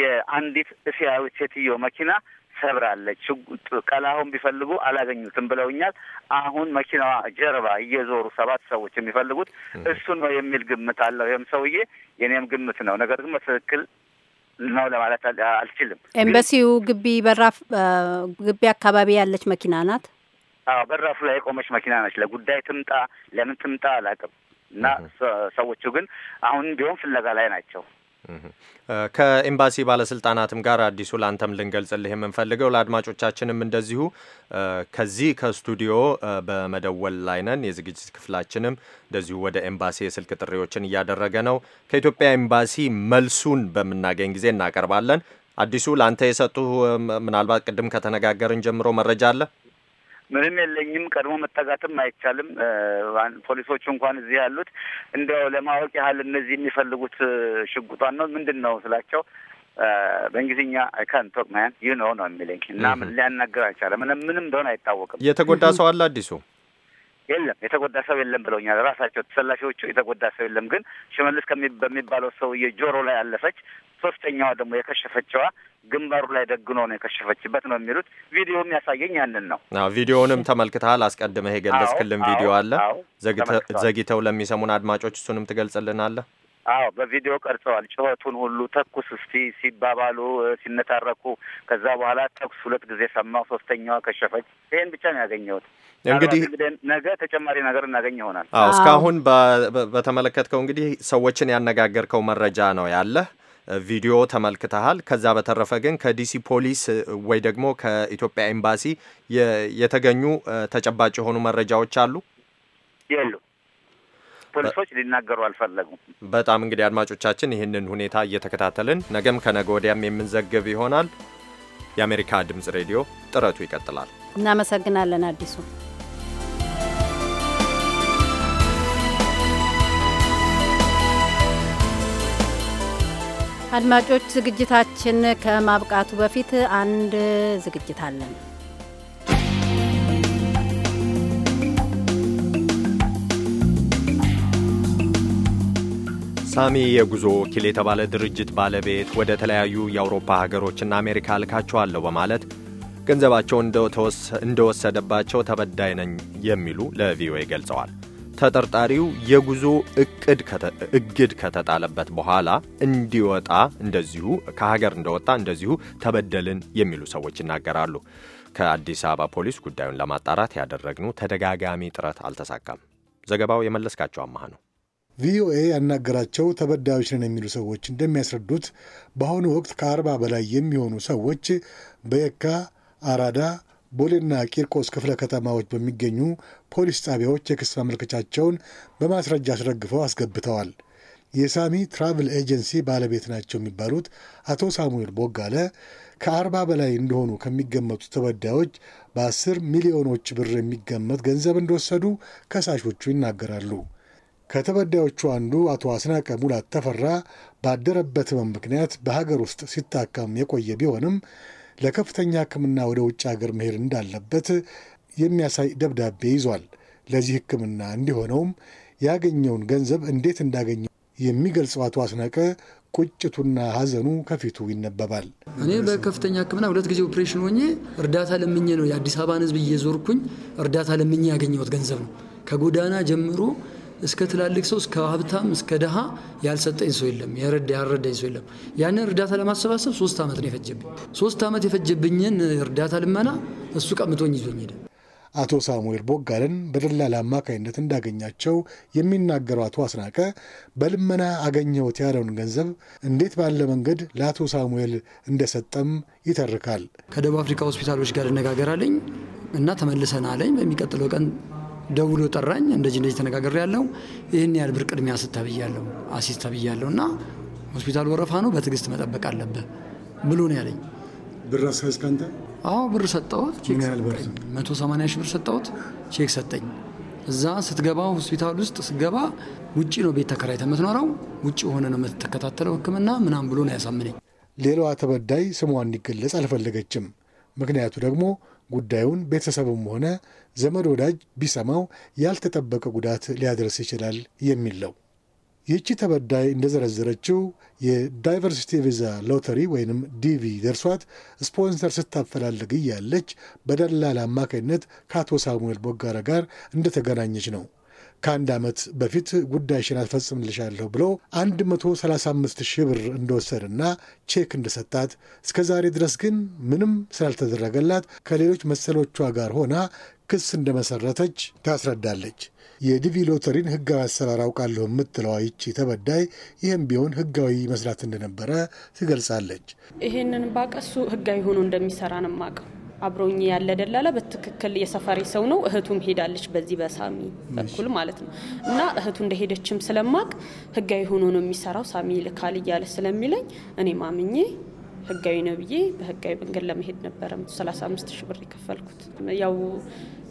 የአንዲት እስያዊት ሴትዮ መኪና ሰብራለች። ቀላሁን ቢፈልጉ አላገኙትም ብለውኛል። አሁን መኪናዋ ጀርባ እየዞሩ ሰባት ሰዎች የሚፈልጉት እሱን ነው የሚል ግምት አለው። ይህም ሰውዬ የኔም ግምት ነው። ነገር ግን በትክክል ነው ለማለት አልችልም። ኤምባሲው ግቢ በራፍ ግቢ አካባቢ ያለች መኪና ናት። አዎ በራፉ ላይ የቆመች መኪና ነች። ለጉዳይ ትምጣ ለምን ትምጣ አላውቅም። እና ሰዎቹ ግን አሁን ቢሆን ፍለጋ ላይ ናቸው። ከኤምባሲ ባለስልጣናትም ጋር አዲሱ ለአንተም ልንገልጽልህ የምንፈልገው ለአድማጮቻችንም እንደዚሁ ከዚህ ከስቱዲዮ በመደወል ላይ ነን። የዝግጅት ክፍላችንም እንደዚሁ ወደ ኤምባሲ የስልክ ጥሪዎችን እያደረገ ነው። ከኢትዮጵያ ኤምባሲ መልሱን በምናገኝ ጊዜ እናቀርባለን። አዲሱ ለአንተ የሰጡ ምናልባት ቅድም ከተነጋገርን ጀምሮ መረጃ አለ? ምንም የለኝም። ቀድሞ መጠጋትም አይቻልም። ፖሊሶቹ እንኳን እዚህ ያሉት እንደው ለማወቅ ያህል እነዚህ የሚፈልጉት ሽጉጧን ነው ምንድን ነው ስላቸው በእንግሊዝኛ አይካን ቶክ ማያን ይህ ነው ነው የሚለኝ እና ሊያናግር አልቻለም። ምንም እንደሆነ አይታወቅም። የተጎዳ ሰው አለ አዲሱ የለም የተጎዳ ሰው የለም ብለውኛል ራሳቸው ተሰላፊዎቹ። የተጎዳ ሰው የለም ግን ሽመልስ በሚባለው ሰውዬ ጆሮ ላይ አለፈች። ሶስተኛዋ ደግሞ የከሸፈችዋ ግንባሩ ላይ ደግኖ ነው የከሸፈችበት ነው የሚሉት። ቪዲዮ የሚያሳየኝ ያንን ነው። ቪዲዮውንም ተመልክተሃል አስቀድመህ የገለጽክልን ቪዲዮ አለ። ዘግተው ለሚሰሙን አድማጮች እሱንም ትገልጽልናለህ? አዎ በቪዲዮ ቀርጸዋል። ጩኸቱን ሁሉ ተኩስ እስቲ ሲባባሉ፣ ሲነታረኩ ከዛ በኋላ ተኩስ ሁለት ጊዜ ሰማሁ። ሶስተኛዋ ከሸፈች። ይህን ብቻ ነው ያገኘሁት። እንግዲህ ነገ ተጨማሪ ነገር እናገኝ ይሆናል። አዎ እስካሁን በተመለከትከው እንግዲህ ሰዎችን ያነጋገርከው መረጃ ነው ያለህ ቪዲዮ ተመልክተሃል። ከዛ በተረፈ ግን ከዲሲ ፖሊስ ወይ ደግሞ ከኢትዮጵያ ኤምባሲ የተገኙ ተጨባጭ የሆኑ መረጃዎች አሉ? የሉ። ፖሊሶች ሊናገሩ አልፈለጉም። በጣም እንግዲህ አድማጮቻችን ይህንን ሁኔታ እየተከታተልን ነገም ከነገ ወዲያም የምንዘግብ ይሆናል። የአሜሪካ ድምጽ ሬዲዮ ጥረቱ ይቀጥላል። እናመሰግናለን አዲሱ አድማጮች ዝግጅታችን ከማብቃቱ በፊት አንድ ዝግጅት አለን። ሳሚ የጉዞ ወኪል የተባለ ድርጅት ባለቤት ወደ ተለያዩ የአውሮፓ ሀገሮችና አሜሪካ ልካቸዋለሁ በማለት ገንዘባቸው እንደወሰደባቸው ተበዳይ ነኝ የሚሉ ለቪኦኤ ገልጸዋል። ተጠርጣሪው የጉዞ እግድ ከተጣለበት በኋላ እንዲወጣ እንደዚሁ ከሀገር እንደወጣ እንደዚሁ ተበደልን የሚሉ ሰዎች ይናገራሉ። ከአዲስ አበባ ፖሊስ ጉዳዩን ለማጣራት ያደረግነው ተደጋጋሚ ጥረት አልተሳካም። ዘገባው የመለስካቸው አማሃ ነው። ቪኦኤ ያናገራቸው ተበዳዮች ነን የሚሉ ሰዎች እንደሚያስረዱት በአሁኑ ወቅት ከአርባ በላይ የሚሆኑ ሰዎች በየካ አራዳ ቦሌና ቂርቆስ ክፍለ ከተማዎች በሚገኙ ፖሊስ ጣቢያዎች የክስ ማመልከቻቸውን በማስረጃ አስረግፈው አስገብተዋል። የሳሚ ትራቭል ኤጀንሲ ባለቤት ናቸው የሚባሉት አቶ ሳሙኤል ቦጋለ ከአርባ በላይ እንደሆኑ ከሚገመቱ ተበዳዮች በአስር ሚሊዮኖች ብር የሚገመት ገንዘብ እንደወሰዱ ከሳሾቹ ይናገራሉ። ከተበዳዮቹ አንዱ አቶ አስናቀ ሙላት ተፈራ ባደረበትም ምክንያት በሀገር ውስጥ ሲታከም የቆየ ቢሆንም ለከፍተኛ ሕክምና ወደ ውጭ ሀገር መሄድ እንዳለበት የሚያሳይ ደብዳቤ ይዟል። ለዚህ ሕክምና እንዲሆነውም ያገኘውን ገንዘብ እንዴት እንዳገኘው የሚገልጸው አቶ አስነቀ ቁጭቱና ሀዘኑ ከፊቱ ይነበባል። እኔ በከፍተኛ ህክምና ሁለት ጊዜ ኦፕሬሽን ሆኜ እርዳታ ለምኜ ነው የአዲስ አበባን ህዝብ እየዞርኩኝ እርዳታ ለምኜ ያገኘሁት ገንዘብ ነው። ከጎዳና ጀምሮ እስከ ትላልቅ ሰው እስከ ሀብታም እስከ ድሃ ያልሰጠኝ ሰው የለም፣ ያረዳኝ ሰው የለም። ያንን እርዳታ ለማሰባሰብ ሶስት ዓመት ነው የፈጀብኝ። ሶስት ዓመት የፈጀብኝን እርዳታ ልመና እሱ ቀምቶኝ ይዞኝ ሄደ። አቶ ሳሙኤል ቦጋለን በደላላ አማካኝነት እንዳገኛቸው የሚናገሩ አቶ አስናቀ በልመና አገኘሁት ያለውን ገንዘብ እንዴት ባለ መንገድ ለአቶ ሳሙኤል እንደሰጠም ይተርካል። ከደቡብ አፍሪካ ሆስፒታሎች ጋር እነጋገራለኝ እና ተመልሰን አለኝ በሚቀጥለው ቀን ደውሎ ጠራኝ። እንደዚህ እንደዚህ ተነጋገር ያለው ይህን ያህል ብር ቅድሚያ ብያለሁ፣ አሲስት ተብያለሁ እና ሆስፒታል ወረፋ ነው በትዕግስት መጠበቅ አለብህ ብሎ ነው ያለኝ። ብር አስያዝ ከአንተ? አዎ ብር ሰጠሁት። መቶ ሰማንያ ሺህ ብር ሰጠሁት። ቼክ ሰጠኝ። እዛ ስትገባ ሆስፒታል ውስጥ ስትገባ ውጭ ነው ቤት ተከራይተ የምትኖረው፣ ውጭ የሆነ ነው የምትከታተለው ሕክምና ምናምን ብሎ ነው ያሳምነኝ። ሌላዋ ተበዳይ ስሟ እንዲገለጽ አልፈለገችም። ምክንያቱ ደግሞ ጉዳዩን ቤተሰቡም ሆነ ዘመድ ወዳጅ ቢሰማው ያልተጠበቀ ጉዳት ሊያደርስ ይችላል የሚል ነው። ይህቺ ተበዳይ እንደዘረዘረችው የዳይቨርሲቲ ቪዛ ሎተሪ ወይንም ዲቪ ደርሷት ስፖንሰር ስታፈላልግ እያለች በደላል አማካኝነት ከአቶ ሳሙኤል ቦጋራ ጋር እንደተገናኘች ነው ከአንድ ዓመት በፊት ጉዳይሽን አስፈጽምልሻለሁ ብሎ 135 ሺህ ብር እንደወሰደና ቼክ እንደሰጣት እስከ ዛሬ ድረስ ግን ምንም ስላልተደረገላት ከሌሎች መሰሎቿ ጋር ሆና ክስ እንደመሰረተች ታስረዳለች። የዲቪ ሎተሪን ህጋዊ አሰራር አውቃለሁ የምትለው ይቺ ተበዳይ ይህም ቢሆን ህጋዊ መስራት እንደነበረ ትገልጻለች። ይህንን ባቀሱ ህጋዊ ሆኖ እንደሚሰራ ነው የማውቀው አብሮኝ ያለ ደላላ በትክክል የሰፈሬ ሰው ነው። እህቱም ሄዳለች በዚህ በሳሚ በኩል ማለት ነው እና እህቱ እንደሄደችም ስለማቅ ህጋዊ ሆኖ ነው የሚሰራው ሳሚ ልካል እያለ ስለሚለኝ እኔ ማምኜ ህጋዊ ነው ብዬ በህጋዊ መንገድ ለመሄድ ነበረ 35 ሺ ብር የከፈልኩት። ያው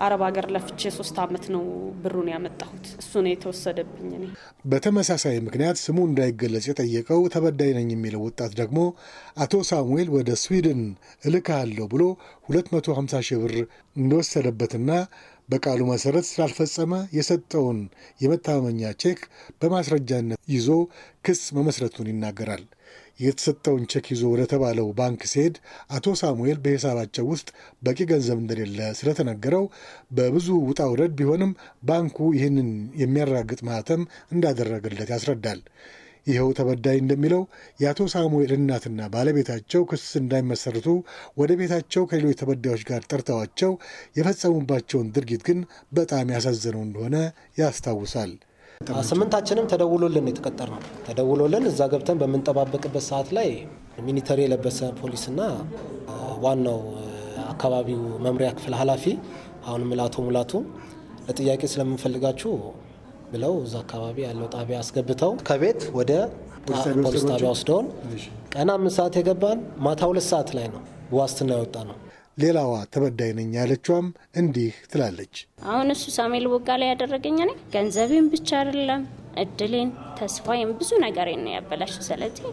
አረብ ሀገር ለፍቼ ሶስት አመት ነው ብሩን ያመጣሁት። እሱ ነው የተወሰደብኝ። እኔ በተመሳሳይ ምክንያት ስሙ እንዳይገለጽ የጠየቀው ተበዳይ ነኝ የሚለው ወጣት ደግሞ አቶ ሳሙኤል ወደ ስዊድን እልካለሁ ብሎ 250 ሺ ብር እንደወሰደበትና በቃሉ መሰረት ስላልፈጸመ የሰጠውን የመታመኛ ቼክ በማስረጃነት ይዞ ክስ መመስረቱን ይናገራል። የተሰጠውን ቼክ ይዞ ወደ ተባለው ባንክ ሲሄድ አቶ ሳሙኤል በሂሳባቸው ውስጥ በቂ ገንዘብ እንደሌለ ስለተነገረው በብዙ ውጣ ውረድ ቢሆንም ባንኩ ይህንን የሚያራግጥ ማህተም እንዳደረገለት ያስረዳል። ይኸው ተበዳይ እንደሚለው የአቶ ሳሙኤል እናትና ባለቤታቸው ክስ እንዳይመሰርቱ ወደ ቤታቸው ከሌሎች ተበዳዮች ጋር ጠርተዋቸው የፈጸሙባቸውን ድርጊት ግን በጣም ያሳዘነው እንደሆነ ያስታውሳል። ስምንታችንም ተደውሎልን የተቀጠር ነው። ተደውሎልን እዛ ገብተን በምንጠባበቅበት ሰዓት ላይ ሚኒተሪ የለበሰ ፖሊስና ዋናው አካባቢው መምሪያ ክፍል ኃላፊ አሁን አቶ ሙላቱ ለጥያቄ ስለምንፈልጋችሁ ብለው እዛ አካባቢ ያለው ጣቢያ አስገብተው ከቤት ወደ ፖሊስ ጣቢያ ወስደውን ቀን አምስት ሰዓት የገባን ማታ ሁለት ሰዓት ላይ ነው በዋስትና የወጣ ነው። ሌላዋ ተበዳይ ነኝ ያለችዋም እንዲህ ትላለች። አሁን እሱ ሳሙኤል ቦጋ ላይ ያደረገኝ እኔ ገንዘቤን ብቻ አይደለም እድሌን፣ ተስፋዬን፣ ብዙ ነገር ነው ያበላሽ። ስለዚህ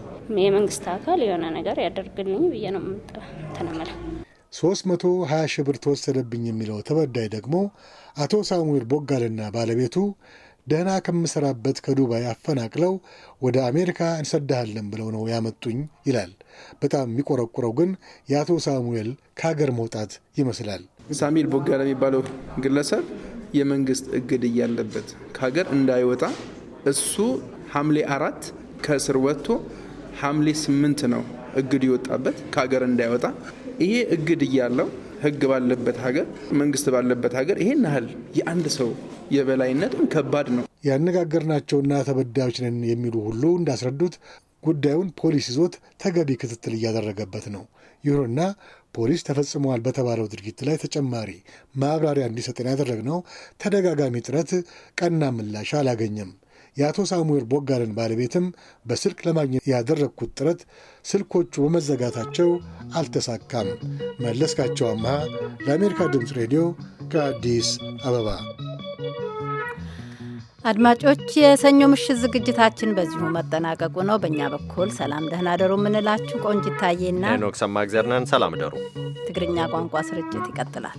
የመንግስት አካል የሆነ ነገር ያደርግልኝ ብዬ ነው ተነመለ 320 ሺህ ብር ተወሰደብኝ የሚለው ተበዳይ ደግሞ አቶ ሳሙኤል ቦጋልና ባለቤቱ ደህና ከምሰራበት ከዱባይ አፈናቅለው ወደ አሜሪካ እንሰዳሃለን ብለው ነው ያመጡኝ ይላል። በጣም የሚቆረቁረው ግን የአቶ ሳሙኤል ከሀገር መውጣት ይመስላል። ሳሙኤል ቦጋለ የሚባለው ግለሰብ የመንግስት እግድ እያለበት ከሀገር እንዳይወጣ እሱ ሐምሌ አራት ከእስር ወጥቶ ሐምሌ ስምንት ነው እግድ ይወጣበት ከሀገር እንዳይወጣ። ይሄ እግድ እያለው ህግ ባለበት ሀገር መንግስት ባለበት ሀገር ይሄን ያህል የአንድ ሰው የበላይነትም ከባድ ነው። ያነጋገርናቸውና ተበዳዮች ነን የሚሉ ሁሉ እንዳስረዱት ጉዳዩን ፖሊስ ይዞት ተገቢ ክትትል እያደረገበት ነው። ይሁንና ፖሊስ ተፈጽመዋል በተባለው ድርጊት ላይ ተጨማሪ ማብራሪያ እንዲሰጠን ያደረግነው ተደጋጋሚ ጥረት ቀና ምላሽ አላገኘም። የአቶ ሳሙኤል ቦጋለን ባለቤትም በስልክ ለማግኘት ያደረግኩት ጥረት ስልኮቹ በመዘጋታቸው አልተሳካም። መለስካቸው አምሃ ለአሜሪካ ድምፅ ሬዲዮ ከአዲስ አበባ አድማጮች የሰኞ ምሽት ዝግጅታችን በዚሁ መጠናቀቁ ነው። በእኛ በኩል ሰላም ደህና ደሩ የምንላችሁ ቆንጅታዬና ኖክ ሰማ እግዚአብሔርነን ሰላም ደሩ። ትግርኛ ቋንቋ ስርጭት ይቀጥላል።